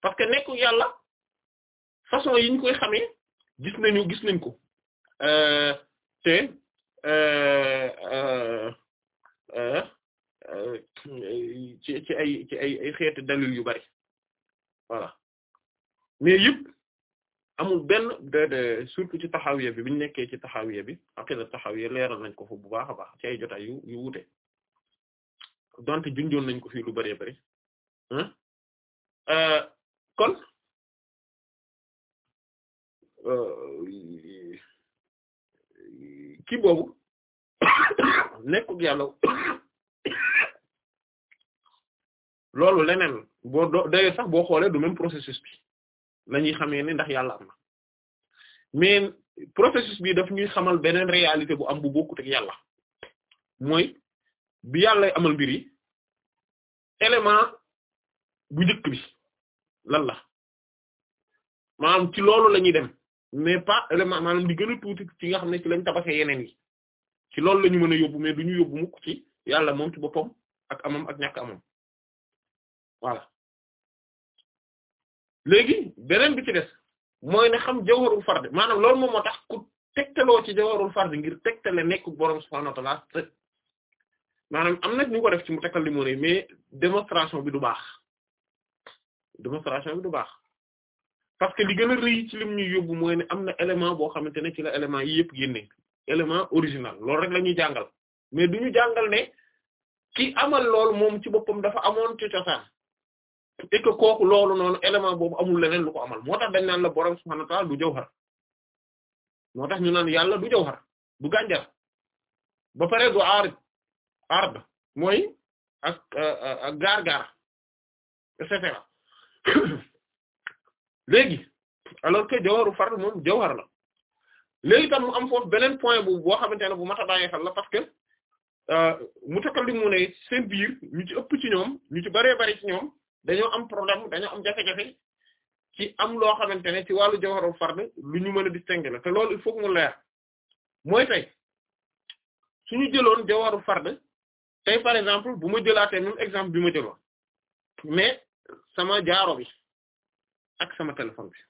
parce que yàlla façon yi koy xamee gis nañu gis nañ ko euh, te. Euh, euh, Euh, euh, ci ay ci dalil yu bari voilà mais yëpp amul benn de surtout ci taxawiya bi biñu nekkee ci taxawiya bi aqida taxawiya leeral nañ ko fu bu baax baax ci ay jotaay yu yu wuute donte nañ ko fii lu bari bari euh, kon kii boobu nekkul yàlla loolu leneen boo do d'ailleurs sax boo xoolee du même processus bi la ñuy xamee ne ndax yàlla am na mais processus bi daf ñuy xamal beneen réalité bu am bu bokkut ak yàlla mooy bi yàlla amal mbir yi élément bu njëkk bi lan la maanaam ci loolu la ñuy dem mais pas élément maanaam di gën a tuuti ci nga xam ne ci lañ tabaxee yeneen yi ci loolu la ñu mën a yóbbu mais du ñu yóbbu mukk ci yàlla moom ci boppam ak amam ak ñàkk amam voilà léegi beneen bi ci des mooy ne xam jawharul fard maanaam loolu moom moo tax ku tegtaloo ci jawharul fard ngir tegtale nekk boroom subhaanahu wa ta'aala te maanaam am na ñu ko def ci mu tekkal li ne mais démonstration bi du baax démonstration bi du baax parce que li gën a rëy ci lim ñuy ne am na élément boo xamante ne ci la yi yëpp génne élément original loolu rek la ñuy jàngal mais du ñu jàngal ne ki amal lool moom ci boppam dafa amoon ci cosaan et que kooku loolu noonu élément boobu amul leneen lu ko amal moo tax dañ naan la borom subhanahu wa ta'ala du jawhar moo tax ñu naan yàlla du jawhar du gànjar ba pare du aar aard mooy ak euh, ak gaar-gaar et cetera léegi alors que jawharu fard moom jawhar la léegi tam mu am foofu beneen point bu boo xamante ne bu mat a bàyyi xel la parce que euh, mutakallimu ne seen biir ñu ci ci ñoom ñu ci baree ci ñoom dañoo am problème dañoo am jafe-jafe ci am loo xamante ne ci wàllu jawharul fard lu ñu mën a distinguer la te loolu il faut que mu leer mooy tey suñu jëloon jawharul fard tey par exemple bu ma jëlaatee même exemple bi ma jëloon mais sama jaaro bi ak sama téléphone bi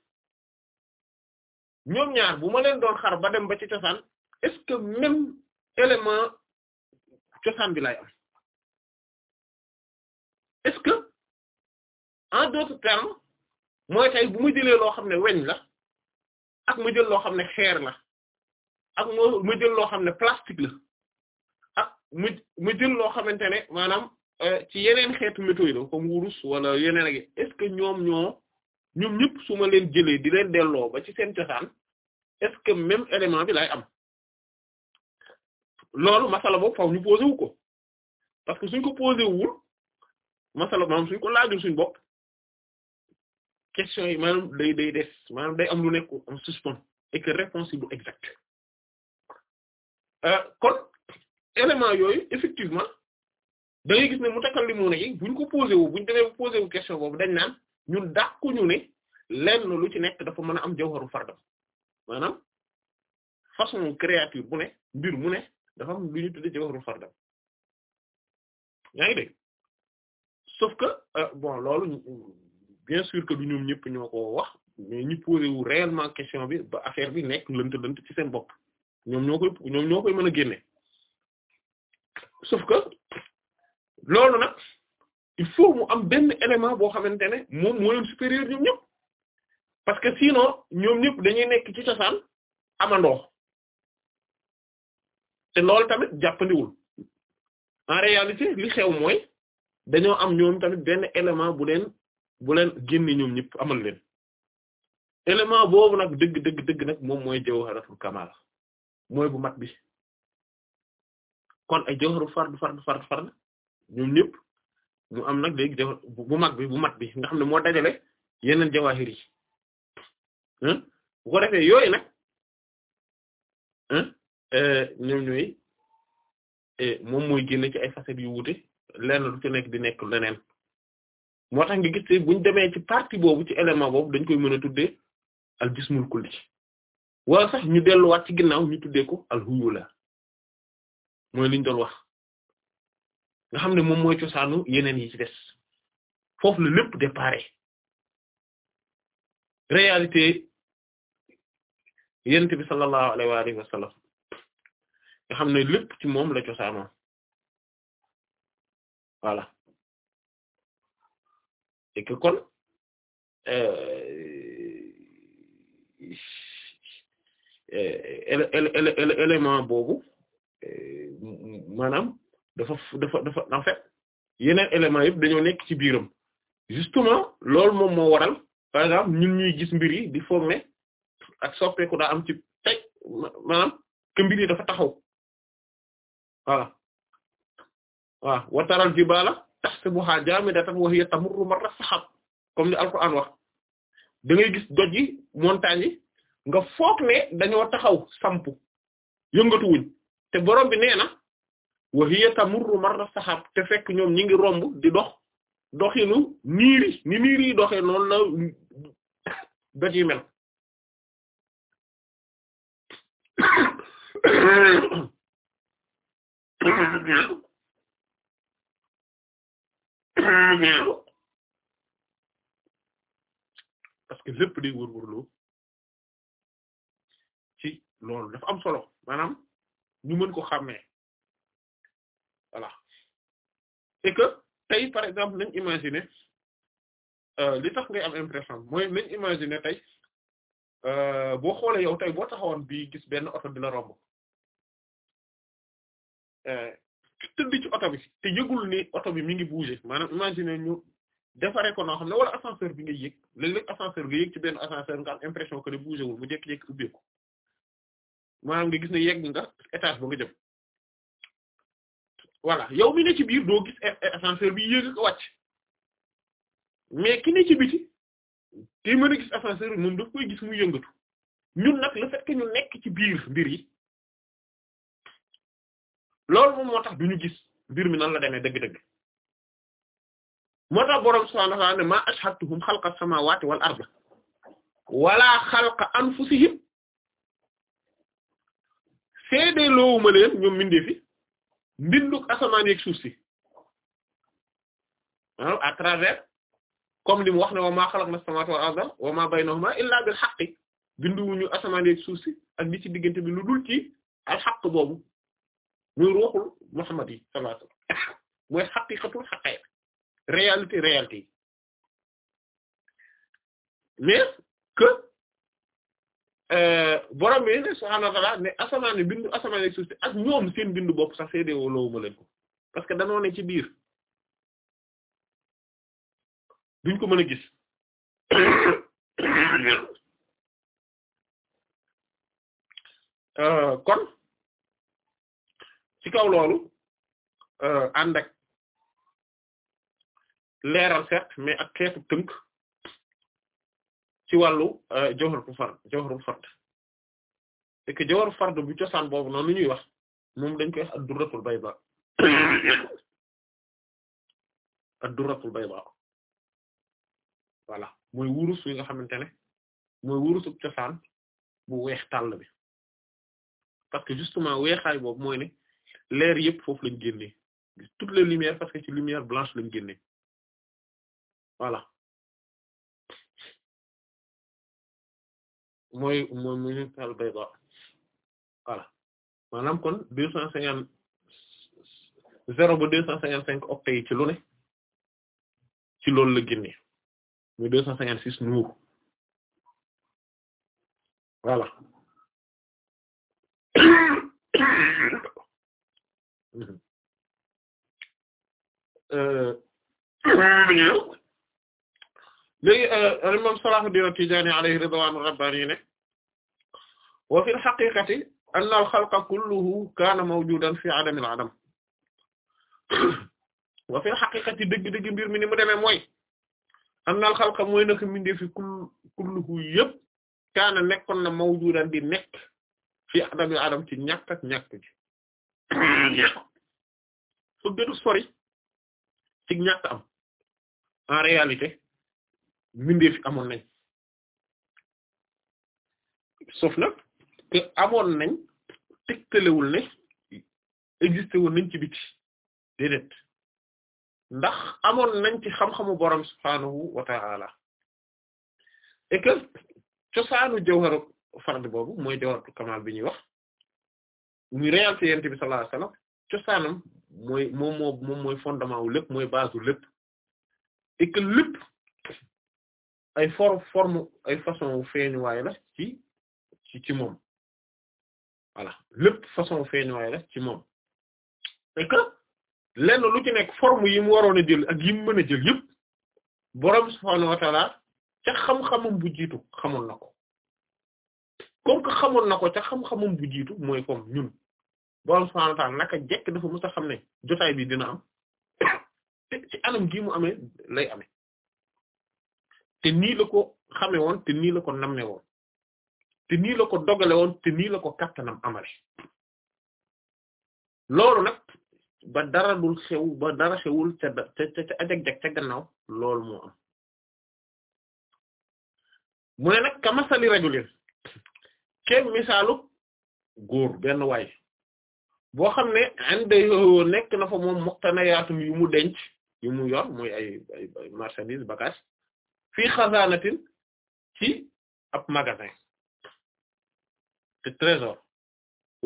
ñoom ñaar bu ma leen doon xar ba dem ba ci cosaan est-ce que même élément cosaan bi lay am est-ce que en d'autres termes mooy tey bu ma jëlee loo xam ne weñ la ak ma jël loo xam ne xeer la ak moo ma jël loo xam ne plastique la ak ma ma loo xamante ne maanaam euh, ci yeneen xeetu métaux yi la comme wurus wala yeneen ak est-ce que ñoom ñoo ñoom ñëpp su leen jëlee di leen delloo ba ci seen cosaan est-ce que même élément bi lay am loolu masala boobu faaw ñu posé ko parce que suñ ko posé masala maanaam suñ ko laajul suñ bopp question yi maanaam day day des maanaam day am lu nekk en suspens et que réponse yi euh, kon élément yooyu effectivement da gis ne mutakallimuna yi buñ ko posé wu buñ demee posé wu question boobu dañ naan ñun dàqu ñu ne lenn lu ci dafa mën a am jawharu fardam maanaam façon créature bu ne mbir mu ne dafa am lu ñu tudde jawharu fardam yaa ngi dégg sauf que euh, bon loolu bien sûr que ñoom ñëpp ñoo ko wax mais ñu posé wu question bi ba affaire bi nekk lënt-lënt ci seen bopp ñoom ñoo koy ñoom ñoo koy mën a génne sauf que loolu nag il faut mu am benn élément boo xamante ne moom moo leen supérieur ñoom ñëpp parce que sinon ñoom ñëpp dañuy nekk ci cosaan amandoo te loolu tamit jàppandiwul en réalité li xew mooy dañoo am ñoom tamit benn élément bu leen bu leen génne ñoom ñëpp amal leen élément boobu nag dëgg dëgg dëgg nag moom mooy jawharatul kamal mooy bu mat bi kon ay jawharu fard fard fard fard ñoom ñëpp mu am nag léegi jawhar bu mag bi bu mat bi nga xam ne moo dajale yeneen jawahir yi bu ko defee yooyu nag euh, ñoom ñooy eh, moom mooy génne ci ay facettes yu wuute lenn lu ci nekk di nekk leneen moo tax nga gis buñ demee ci partie boobu ci élément boobu dañ koy mën a tuddee al jismul kulli wala sax ñu delluwaat ci ginnaaw ñu tuddee ko al mooy liñ doon wax nga xam ne moom mooy cosaanu yeneen yi ci des foofu la lépp départ réalité yent bi sallallahu alayhi wa alihi nga xam ne lépp ci moom la cosaanoo voilà et que kon euh, euh, élément boobu euh, maanaam dafa dafa dafa en fait yeneen éléments yëpp dañoo nekk ci biiram justement loolu moom moo waral par exemple ñun ñuy gis mbir yi di foog ne ak soppeeku daa am ci tey maanaam que mbir dafa taxaw voilà wataral ji tahsabuha jaamidatan wa hiya tamurru marra ni Alxuraan wax da ngay gis doj yi montagne yi nga foog ne dañoo taxaw sampu yëngatuwuñ te borom bi nee na wa hiya tamurru marra te fekk ñoom ñi ngi romb di dox doxinu niiri ni niiri yi doxee noonu la mel parce que lépp day wër-wërloo ci loolu dafa am solo maanaam ñu mën ko xàmmee voilà et que tey par exemple nañ imaginer euh, li tax ngay am impression mooy nañ imaginer tey euh, boo xoolee yow tey boo taxawoon bii gis benn oto dina romb euh, tëdd ci oto bi te yëgul ni oto bi mi ngi bouger maanaam imagine ñu defaree ko noo ne wala ascenseur bi nga yëg léeg-léeg ascenseur nga yëg ci benn ascenseur nga impression que ne bouger wul mu jékki-jékki ubbeeku maanaam nga gis ne yegg nga étage ba nga jëm voilà yow mi ne ci biir doo gis e-, ascenseur bi yéeg ko wàcc mais ki ne ci biti te gis ascenseur bi moom daf koy gis mu yëngatu ñun nag le fait que ñu nekk ci biir mbir yi lool moom moo tax du ñu gis mbir mi nan la demee dëgg-dëgg moo tax boroom subhaanahu wa ta'aala ne maa ashhadtuhum xalqa samaawaati wal ardi wala xalqa anfusihim seede loowuma leen ñoom mindee fi mbinduk asamaan yeeg suuf si à travers comme li wax ne wa maa xalaqna samaawaati wal arda wa maa baynahuma illaa bil haqqi binduwuñu asamaan yeeg suuf si ak li ci diggante bi lu dul ci al haqq boobu muy ruuxul Muhammad yi mooy xaqiqatul xaqay réalité réalité yi que euh, borom bi subhaanahu wa ta'aala ne asamaan bindu asamaan ak suuf si ak seen bindu bopp sax seede wolowu ma leen parce que danoo ci biir duñ ko mën gis euh, kon ci kaw loolu euh, ànd ak leeral certes mais ak xeetu tënk ci wàllu euh, jawharul fard jawharul fard et que bu cosaan boobu noonu ñuy wax moom dañ koy wax ad-durratul bayda ad-durratul bayda voilà mooy wurus yi nga xamante ne mooy wurusu cosaan bu weex tàll bi parce que justement weexaay boobu mooy ne leer yëpp foofu lañ génnee toutes les lumières parce que ci lumière blanche lañ génnee voilà mooy mooy mooy al bayda voilà maanaam kon deux cent cinquante zéro ba deux cent cinquante cinq octets yi ci lu ne ci loolu la génnee muy deux cent cinquante six nuur voilà léegi imam Salahuddin At-Tidjânî alayhi ridwanu rabbani ne wa haqiqati anna al kulluhu kana mawjudan fi adam adam wa haqiqati dëgg-dëgg mbir mi ni mu demee mooy anna al-khalqa mooy fi kull kulluhu yëpp kaana nekkoon mawjudan di nekk fi adam adam ci ñàkk ak fëgg du sori ci ñàkk am en réalité mbindeef fi amoon nañ sauf nag que amoon nañ tegtalewul ne existé woon nañ ci biti ndax amoon nañ ci xam-xamu borom subhaanahu wa ta'ala et que cosaanu jawharu fard boobu mooy jawharatu kamal bi ñuy wax muy réalité yent bi sallallahu alayhi wasallam cosaanam mooy moom moom mooy fondement wu lépp mooy base wu lépp et lépp ay for forme ay façon feeñuwaay la ci ci ci moom voilà lépp façon feeñuwaay la ci moom et que lenn lu nekk forme yi mu waroon jël ak yi mu mën a jël yëpp boroom subhaanahu wa ca xam-xamam bu jiitu xamoon na ko comme que xamoon ko ca xam-xamum bu jiitu mooy ñun borom subhaanahu wa ta'aala naka jekk dafa mës xam ne jotaay bi dina am te ci anam gii mu lay amee te nii la ko xame woon te nii la ko namne te nii la ko dogale woon te nii kattanam amale loolu nag ba dara dul xew ba dara xewul ca ca ca ajag-jag ca gannaaw loolu moo am mu ne nag kamasali kenn misaalu góor benn waay boo xam ne ande nekk na fa moom muqtanayaatum yu mu denc yu yor muy ay marchandise bagage fii xazaanatin ci ab magasin te trésor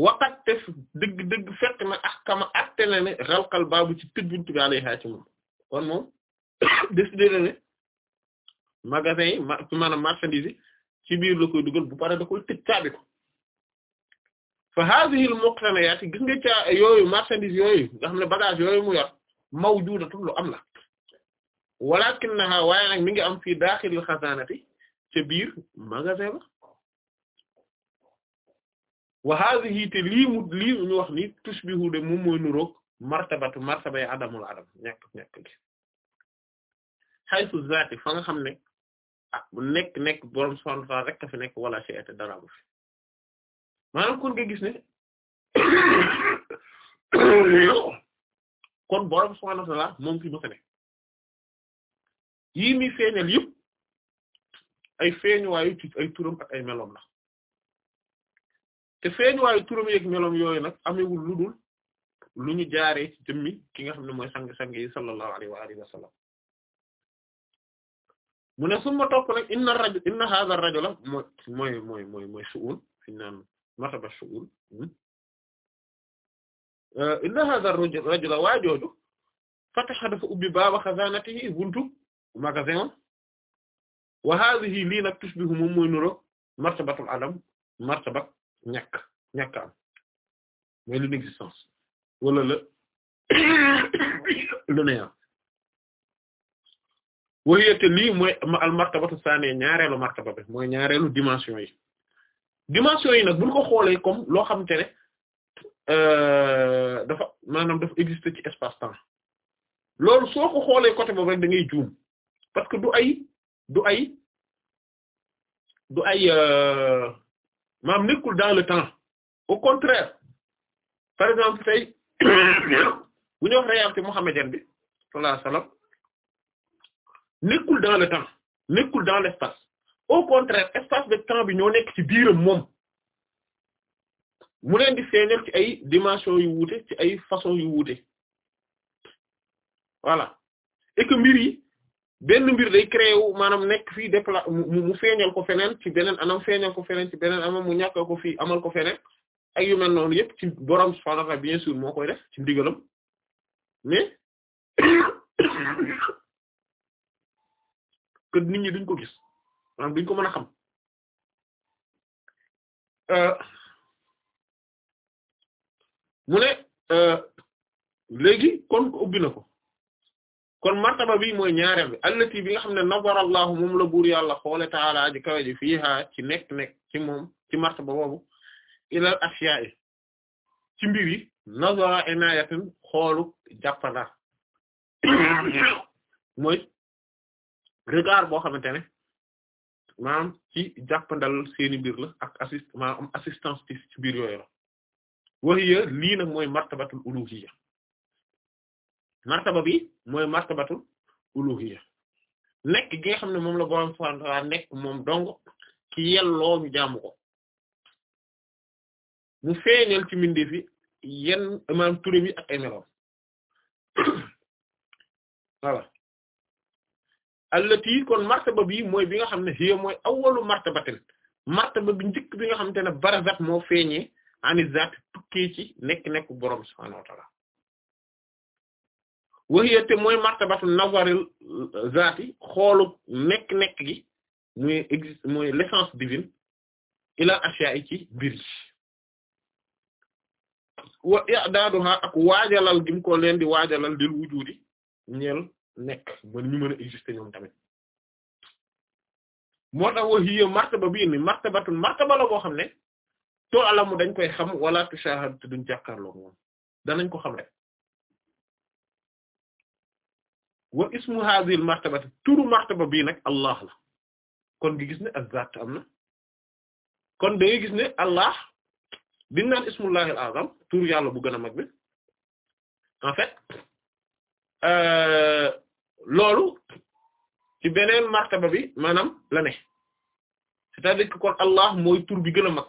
waqat te dëgg dëgg fekk na ahkama atte na ne xalqal baabu ci tëj buntu bi alayha ci moom kon moom décidé ne magasin yi maanaam marchandise yi ci biir la koy dugal bu pare da koy tëj caabi ko fa hadhihi al muqtanayaat gis nga caa yooyu marchandise yooyu nga xam ne bagage yooyu mu yor mawjudatun lu am la walakinaha waaye nag mi ngi am fii daaxilil xasaanati ca biir magasin ba wa hadhihi te lii mu lii wax ni tushbihu de moom mooy nuroog martabatu martabay adamul adam ñàkk ñàkk gi haythu fa nga xam ne ah bu nekk nekk borom subhanahu wa rek ka fi nekk wala ci ete dara bu fi maanaam kon nga gis ne kon borom subhanahu wa ta'ala moom fi ma fa nekk feeñal yëpp ay feeñuwaayu ci ay turam ak ay meloom la te feeñuwaayu turam yeeg meloom yooyu nag amewul lu dul lu ñu jaaree ci jëmmi ki nga xam ne mooy sang sang yi sallallahu alayhi wa sallam mu ne suma topp nag inna rajul inna hadha rajula mooy mooy mooy mooy mooy naan mataba su'ul hmm? euh, inna hadha rajula waa jooju fataha dafa ubbi baaba xazanatihi buntu magasin am wa hadhihi lii nag tushbihu moom mooy nuro martabatul adam martabat ñàkk ñàkk am mooy l'inexistence wala la le néant waaye te lii mooy al martabatu saaniya ñaareelu martaba bi mooy ñaareelu dimension yi dimension yi nag buñ ko xoolee comme loo xam ne euh, dafa maanaam dafa exister ci espace temps loolu soo ko xoolee côté boobu rek da juum parce que du ay du ay du ay euh, maam nekkul dans le temps au contraire par exemple tey bu ñu wax réalité bi sallallahu alayhi wasallam nekkul dans le temps nekkul dans l'espace au contraire espace de temps bi ñoo nekk ci biiram moom mu leen di feeñal ci ay dimension yu wuute ci ay façon yu wuute voilà et que benn mbir day créé wu maanaam nekk fii dépla mu feeñal ko feneen ci beneen anam feeñal ko feneen ci beneen anam mu ñàkk ko fii amal ko feneen ak yu mel noonu yëpp ci borom subhanahu moo koy def ci ndigalam mais que nit ñi duñ ko gis maanaam duñ ko mën a xam euh, mu ne euh, léegi kon ubbi na ko kon martaba bi mooy ñaareel bi allati bi nga xam ne nazara allahu moom la buur yàlla xoole taala ji kawe ji fiiha ci nekk nekk ci moom ci martaba boobu ilal ashiya'i ci mbir yi nazara inayatan xoolu jàppandar mooy regard boo xamante ne maanaam ci jàppandal seeni mbir la ak assist maanaam assistance ci ci biir yooyu la waxiya lii mooy martabatul uluhiyya martaba nekk gi xam ne moom la borom subhaanahu wa nekk moom dong ki yelloo ñu jaamu ko mu feeñal ci mbindeef yi yenn maanaam turam yi ak ay meloom allati kon martaba bii mooy bi nga xam ne hiya mooy awwalu martabatin martaba bi njëkk bi nga xamante ne barazat moo feeñee anizat tukkee ci nekk nekk boroom subhaanahu wa ta'aala wa hiya te mooy martabatu nazaril zaati xoolu nekk nekk gi muy existe mooy l'essence divine ila ashiya'i ci mbir yi wa i'daduha ak waajalal gim ko leen di waajalal dil wujudi ñeel nekk ba moo tax wa hiya martaba bii ni martabatun martaba boo xam ne to alamu dañ koy xam wala tushahad te duñ jàkkaarloo moom danañ ko xam rek wa ismu hadhihi martabati turu martaba bii nag allah la kon gi gis ne azat am na kon da ngay gis ne allah biñ naan ismullahil azam tur yàlla bu gën a mag en fait euh, loolu ci beneen martaba bi maanaam la ne cest à kon Allah mooy tur bi gën a mag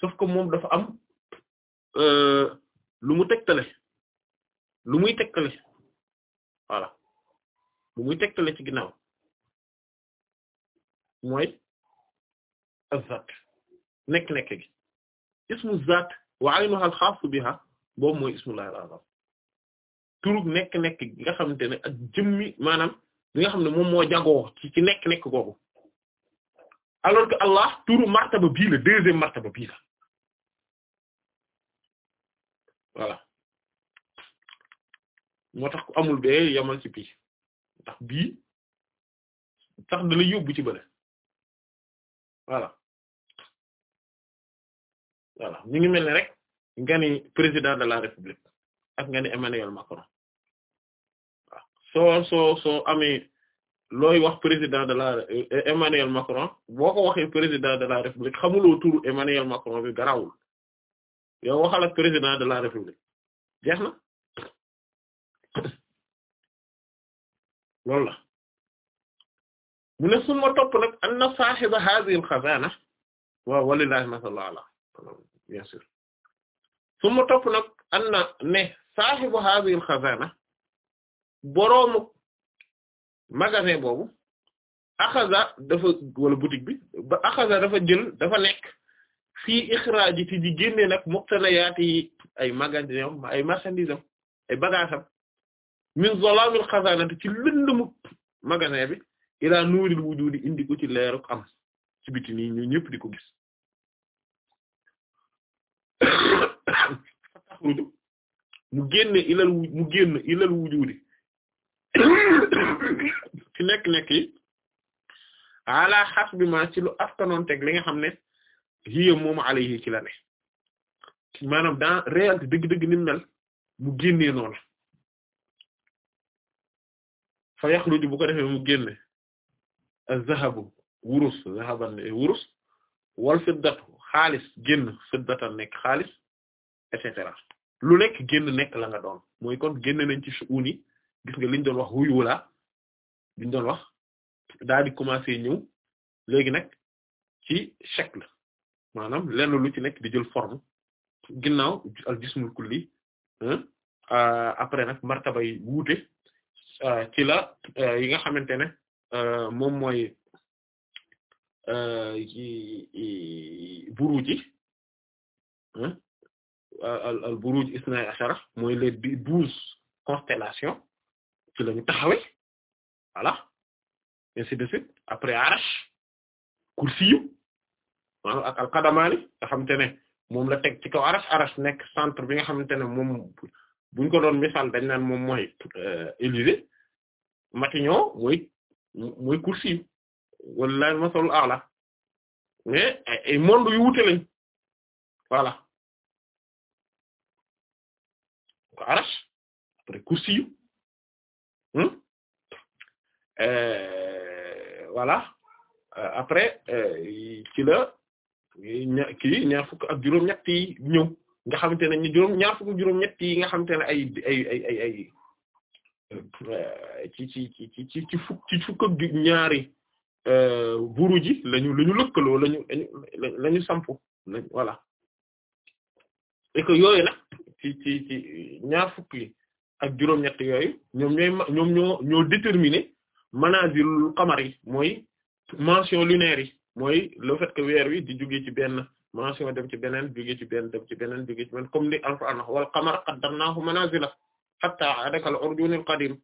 sauf que moom dafa am euh, lu mu tegtale lu muy tegtale voilà lu muy tegtale ci ginnaaw mooy azat nekk-nekk gi ismu zat wa aynuha al xaas biha boobu mooy ismullahi al azam turug nekk-nekk nga xamante ne ak jëmmi maanaam bi nga xam ne moom moo jagoo ci nekk-nekk googu alors que Allah turu martaba bii la deuxième martaba bii la voilà moo tax ku amul bee yamal ci bii ndax bii sax da lay yóbbu ci bële voilà voilà mi ngi mel ne rek nga ni président de la république ak nga ne Emmanuel Macron waaw soo soo soo looy wax président de la euh, Emmanuel Macron boo ko waxee président de la République xamuloo turu Emmanuel Macron bi garawul yow waxal ak président de la République jeex na loolu la mu ne su ma topp nag anna saahiba hadhihi al-khazana waaw walillahi masallah ala bien sûr su ma topp nag anna ne saaxibu hadhihi al xazana boroomu magasin boobu axaza dafa wala boutique bi ba dafa jël dafa nekk fii ixraaji ti di génne nag muqtanayaati yi ay magasin ay marchandise am ay bagage am min zolaamil xasanati ci lëndëmu magasin bi ilaa nuuril wujudi indi ko ci leeruk am ci biti nii ñu ñëpp di ko gis mu génne ilal mu génn ilal wujudi ci nekk-nekk yi ala hasbi ma ci lu askanoon teg li nga xam ne hiya moomu alayhi ci la ne maanaam dans réalité dëgg-dëgg ni mel mu génnee noonu fa yaxluju bu ko defee mu génne az-zahabu wurus zahaban wurus wal fiddatu xaalis génn fiddatan nekk xaalis et lu nekk génn nekk la doon mooy kon génn nañ ci suun yi gis nga liñ doon wax wuyu wala liñ doon wax daal commencé commencer ñëw léegi nag ci shakl maanaam lenn lu ci nekk di jël forme ginnaaw al jismul kulli après nag martaba yi wuute ci la yi nga xamante ne moom mooy buru Euh, al al buruj isnay ashara mooy les douze constellations ci la ñu taxawee voilà ainsi de suite après arash kursiyu maanaam ak al qadamaani nga xamante ne moom la teg ci kaw arash arash nekk centre bi nga xamante ne moom buñ ko doon misaal dañ naan moom mooy euh, Élysée Matignon mooy mooy kursiyu wala masalul a'la mais ay monde yu wute lañ voilà ko arash après kursi yu euh, voilà euh, après euh, ci la kii ñaar fukk ak juróom-ñett yi nga xamante ne ñu juróom ñaar juróom-ñett yi nga xamante ne ay ay ay ay ay ci ci ci ci ci fukk ci fukk ñaari buuru ji lañu lañu lëkkaloo lañu lañu lañu sampu voilà et ci ci ci ñaar fukki ak juróom-ñett yooyu ñoom ñooy ñoom ñoo ñoo déterminer manazilul qamar yi mooy mention lunaire yi mooy le fait que weer wi di jóge ci benn mention dem ci beneen jóge ci benn dem ci beneen jóge ci beneen comme ni Alxuraan wal qamara qaddarnaahu manaazila hattaa aada kal urjuunil qadiim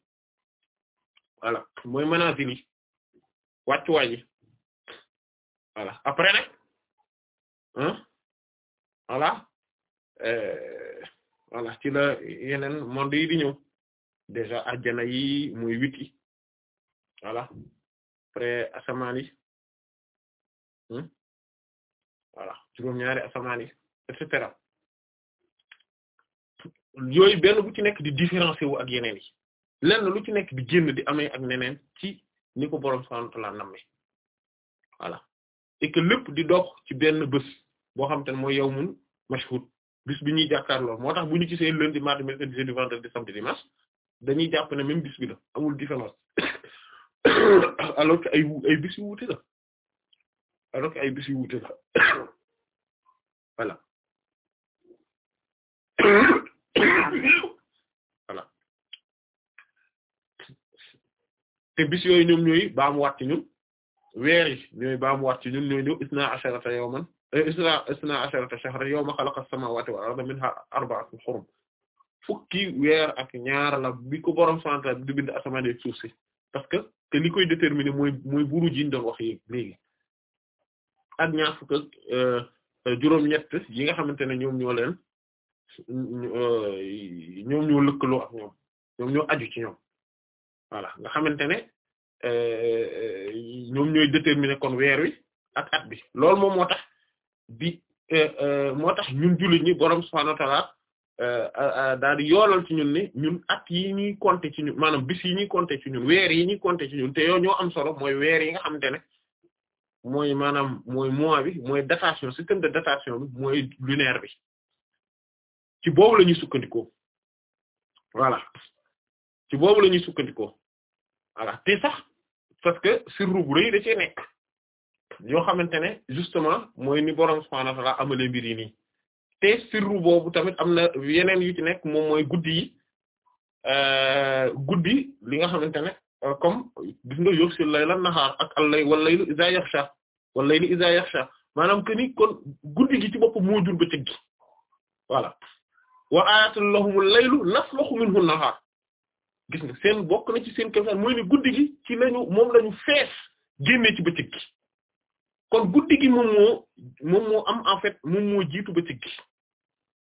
voilà mooy manazil yi wàccuwaay yi après nag ah voilà. Euh, voilà ci la yeneen monde yi di ñëw déjà ajjana yi muy wit yi voilà après asamaan yi hmm? voilà juróom-ñaari asamaan yi et cetera yooyu benn bu ci nekk di différencier wu ak yeneen lenn lu ci nekk di génn di amee ak neneen ci ni ko boroom subhaanahu wa ta'aala nammee voilà et di dox ci benn bés boo xam te ne mooy yawmun mashhud bis bi ñuy jàkkaarloo moo tax bu ñu gisee lundi mardi mercredi jeudi vendredi samedi dimanche dañuy jàpp ne même bis bi la amul différence alors que ay ay bis yu wuute la alors que ay bis yu wuute la te bis yooyu ñoom ñooy baamuwaat ci ñun weer yi ñooy baamuwaat ci ñun ñooy ñëw isna asharata yawman isna isna asharata shahran yawma xalaqa as-samawati wal arda minha arba'atun hurum fukki weer ak ñaar la bi ko borom sant di bind asamaan ak suuf si parce que te li koy déterminer mooy mooy wax yéeg léegi ak ñaar fukk ak juróom-ñett yi nga xamante ne ñoom ñoo leen ñoom ñoo lëkkaloo ak ñoom ñoom ñoo aju ci ñoom voilà nga xamante ne ñoom ñooy déterminer kon weer wi ak at bi loolu moom tax. bi euh, euh, moo tax ñun jullit ñi borom subhaanahu wa ta'aala euh, daal di yoolal ci ñun ni ñun at yi ñuy compter ci ñun maanaam bis yi ñuy compter ci ñun weer yi ñuy compter ci ñun te yoo ñoo am solo mooy weer yi nga xamante ne mooy maanaam mooy mois bi mooy datation système de datation bi mooy lunaire bi ci boobu la ñuy sukkandikoo ci boobu la ñuy sukkandikoo te sax parce que sirru bu rëy da cee nekk. yoo xamante ne justement mooy ni borom subhaanahu wa ta'aala amalee te sirru boobu tamit am na yeneen yu nekk moom mooy guddi yi euh, guddi li nga xamante ne euh, comme gis nga yóbbu si layla nahaar ak al lay laylu iza yaxsha wal laylu iza yaxsha maanaam que ni kon guddi gi ci bopp moo jur bëccëg gi voilà wa ayatul lahumul laylu nasluxu minhu nahaar gis nga seen bokk ci seen kéemtaan mooy ni guddi gi ci lañu moom lañu fees génnee ci bëccëg gi. kon guddi gi moom moo am en fait moom jiitu ba ci gi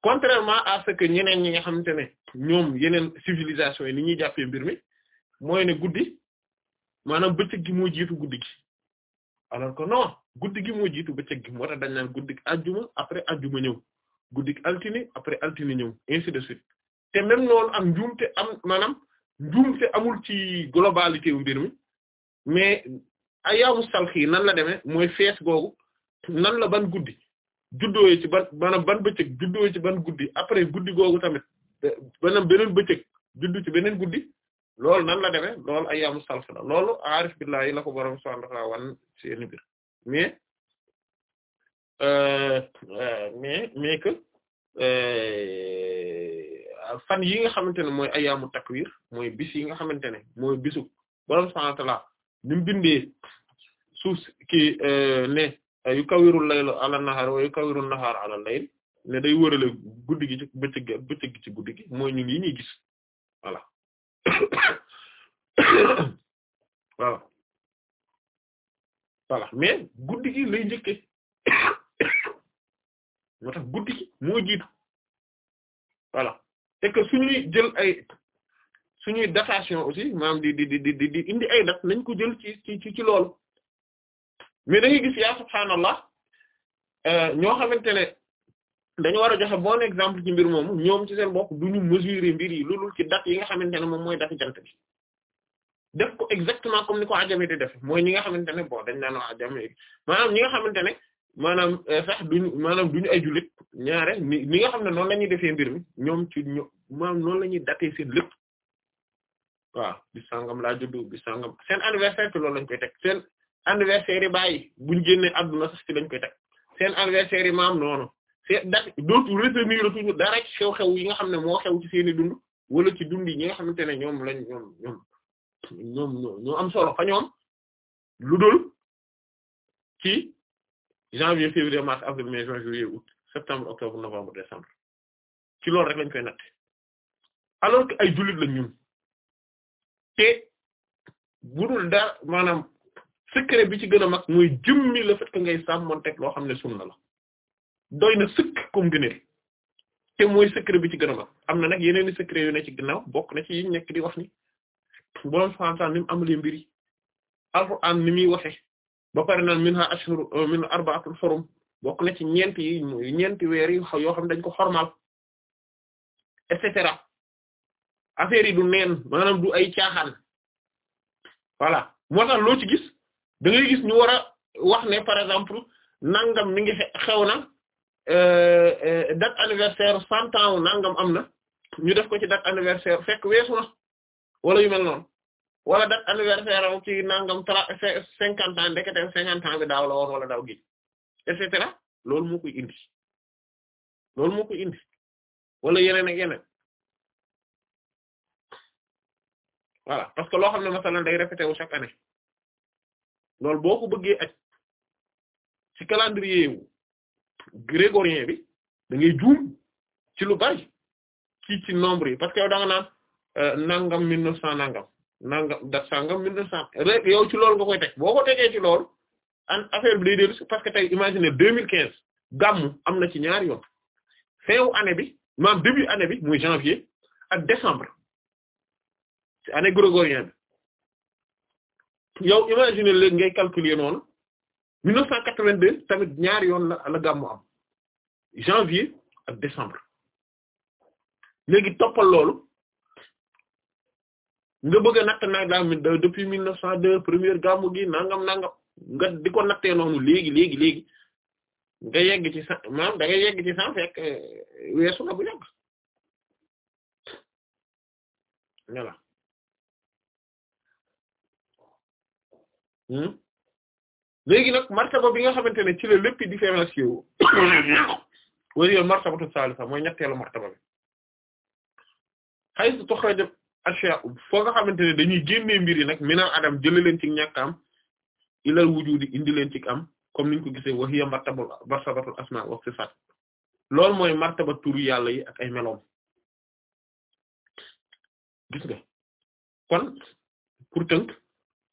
contrairement à ce que ñeneen ñi nga xamante ne ñoom yeneen civilisation yi ni ñuy jàppee mbir mi mooy ne guddi maanaam bëccëg gi moo jiitu guddi gi alors que non guddi gi moo jiitu bëccëg gi moo tax dañ naan guddi ajjuma après ajjuma ñëw guddi altine après altine ñëw ainsi de suite te même noonu ak njuumte am maanaam njuumte amul ci globalité wu mbir mi mais ayyaamu salxi nan la demee mooy fees googu nan la ban guddi juddoo ci ban maanaam ban bëccëg juddoo ci ban guddi après guddi googu tamit maanaam beneen bëccëg juddu ci beneen guddi lool nan la demee loolu ayyaamu salxi la loolu aarif billahi la ko borom subhaanahu wa ta'aala wan seeni mais euh, euh, mais mais que euh, fan yi nga xamante ne mooy ayyaamu takwir mooy bis yi nga xamante ne mooy bisu borom subhaanahu bi mu bindee suuf ki euh, ne euh, yu kawirul layl ala nahaar wa yu kawirul nahaar ala layl ne day wërale guddi gi ci bëccëg gi ak ci guddi gi mooy ñun yi gis voilà voilà voilà mais guddi gi lay njëkke moo tax guddi gi moo jiitu voilà et que suñuy jël ay suñuy datation aussi maanaam di di di di di indi ay dat nañ ko jël ci ci ci loolu mais da ngay gis yaa subhaanallah euh, ñoo xamante ne dañu war a joxe bon exemple ci mbir moomu ñoom ci seen bopp du ñu mesurer mbir yi loolu ci date yi nga xamante ne moom mooy date jant bi def ko exactement comme ni ko ajame di def mooy ñi nga xamante ne bon dañ naan ajame maanaam ñi nga xamante ne maanaam euh, sax duñu maanaam duñu ay jullit ñaare ni nga xam ne noonu la ñuy defee mbir mi ñoom ci ñoom maanaam noonu la ñuy dater seen lépp waaw bis sangam laa juddu bis sangam seen anniversaire te loolu lañ koy teg seen anniversaire yi bàyyi buñ génnee adduna sax ci lañ koy teg seen anniversaire yi maam noonu c'est da dootu retenir toujours dara ci xew-xew yi nga xam ne moo xew ci seeni dund wala ci dund yi nga xamante ne ñoom lañ ñoom ñoom ñoom ñoo am solo fa ñoom lu dul ci janvier février mars avril mai juin juillet août septembre octobre novembre décembre ci loolu rek lañ koy natt alors que ay jullit lañ ñun. te budul dara maanaam secret bi ci gën a mag mooy jëmmi le fait que ngay sàmmonteeg loo xam ne na la doy na sëkk comme gëneel te mooy secret bi ci gën a mag am na nag yeneen i secret yu ci ginnaaw bokk na ci yi nekk di wax ni boroom subhaanahu wa ta'aala ni mu muy waxe ba pare naan minha ashhur euh, bokk na ci ñeent yi ñeenti weer yi yoo xam dañ ko xormal et cetera affaire yi du neen maanaam du ay caaxaan voilà moo tax ci gis da ngay gis ñu war a ne par exemple nangam mi ngi xew na euh, euh, date anniversaire cent ans nangam am na def ko ci date anniversaire fekk weesu na wala yu mel wala date anniversaire am ci nangam tra cinquante ans ndekete cinquante ans bi daaw la woon wala daaw gi et cetera loolu moo koy indi loolu moo wala yeneen ak yenen voilà parce que loo xam ne masalan day répété wu chaque année loolu boo ko bëggee aj ci calendrier wu grégorien bi da ngay ci lu bari ci ci nombre yi parce que yow da nga naan euh, nangam mille neuf cent nangam nangam da sangam mille neuf cent rek yow ci loolu nga koy teg boo ko tegee ci loolu an affaire bi deux mille quinze gàmmu am na ci ñaari yoon fin wu année bi maanaam début année bi muy janvier ak décembre ci année grégorienne bi yow imagine léegi ngay calculer noonu 1982 tamit ñaari yoon la la gàmmu am janvier ak décembre léegi toppal loolu nga bëgg a natt nag daa mi depuis 1902 première gàmmu gi nangam nangam nga di ko nattee noonu léegi léegi léegi nga yegg ci sa maanaam da yegg ci sans fekk eh, weesu na bu yàgg voilà Hmm? léegi nag martaba bi nga xamante ne ci la lépp di différencier wu wari yoon martabatu salisa mooy ñetteelu martaba bi xay su toxrajëb ashiya foo nga xamante ne dañuy génnee mbir yi nag minal adam jële leen ci ñàkk am ilal wujudi indi leen ci am comme niñ ko gisee wa ye martabul martabatul asma wa sifat loolu mooy martaba turu yàlla yi ak ay meloom gis kon pour tënk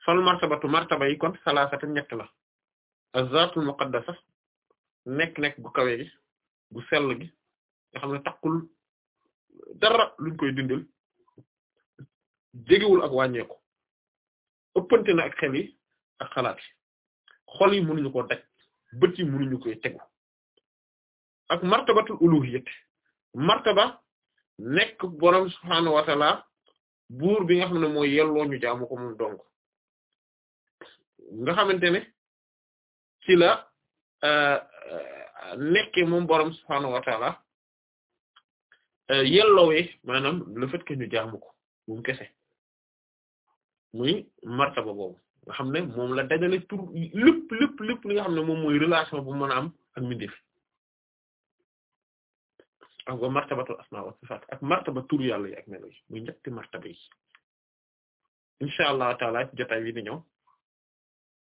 fal martabatu martaba yi kon salaasatu ñett la azzatul muqaddasa nekk-nekk gu kawe gu sell gi nga xam ne takkul dara luñ koy dindil jegewul ak wàññeeku ëppante na ak xel yi ak xalaat yi xol yi mënuñu koo daj bët yi mënuñu koy tegu ak martabatul uluhiyyah martaba nekk borom subhaanahu wa buur bi nga xam ne mooy yelloo ñu jaamu ko moom dong nga xamante ne ci la euh, nekki moom boroom subhaanahu wa taala euh, yellowee maanaam le fait que ñu kese muy martaba boobu nga xam ne moom la dajale tur lépp lépp lépp nga xam ne moom mooy relation bu mën a am ak mbindeef ak ba martabatul asmaa wa sifaat ak martaba tur yàlla yi ak melo muy ñetti martaba yi incha allah taala ci jotaay wi di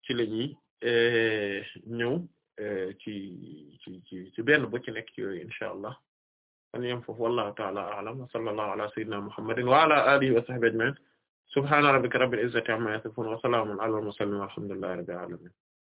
ci la ñuy euh, ñëw euh, ci ci ci ci benn bu ci nekk ci yooyu incha allah an yam foofu wallahu ta'ala a'lam wa sallallahu ala sayyidina muhammadin wa ala alihi wa sahbihi ajma'in subhana rabbika rabbil izzati amma yasifun wa salamun ala al mursalin walhamdulillahi rabbil alamin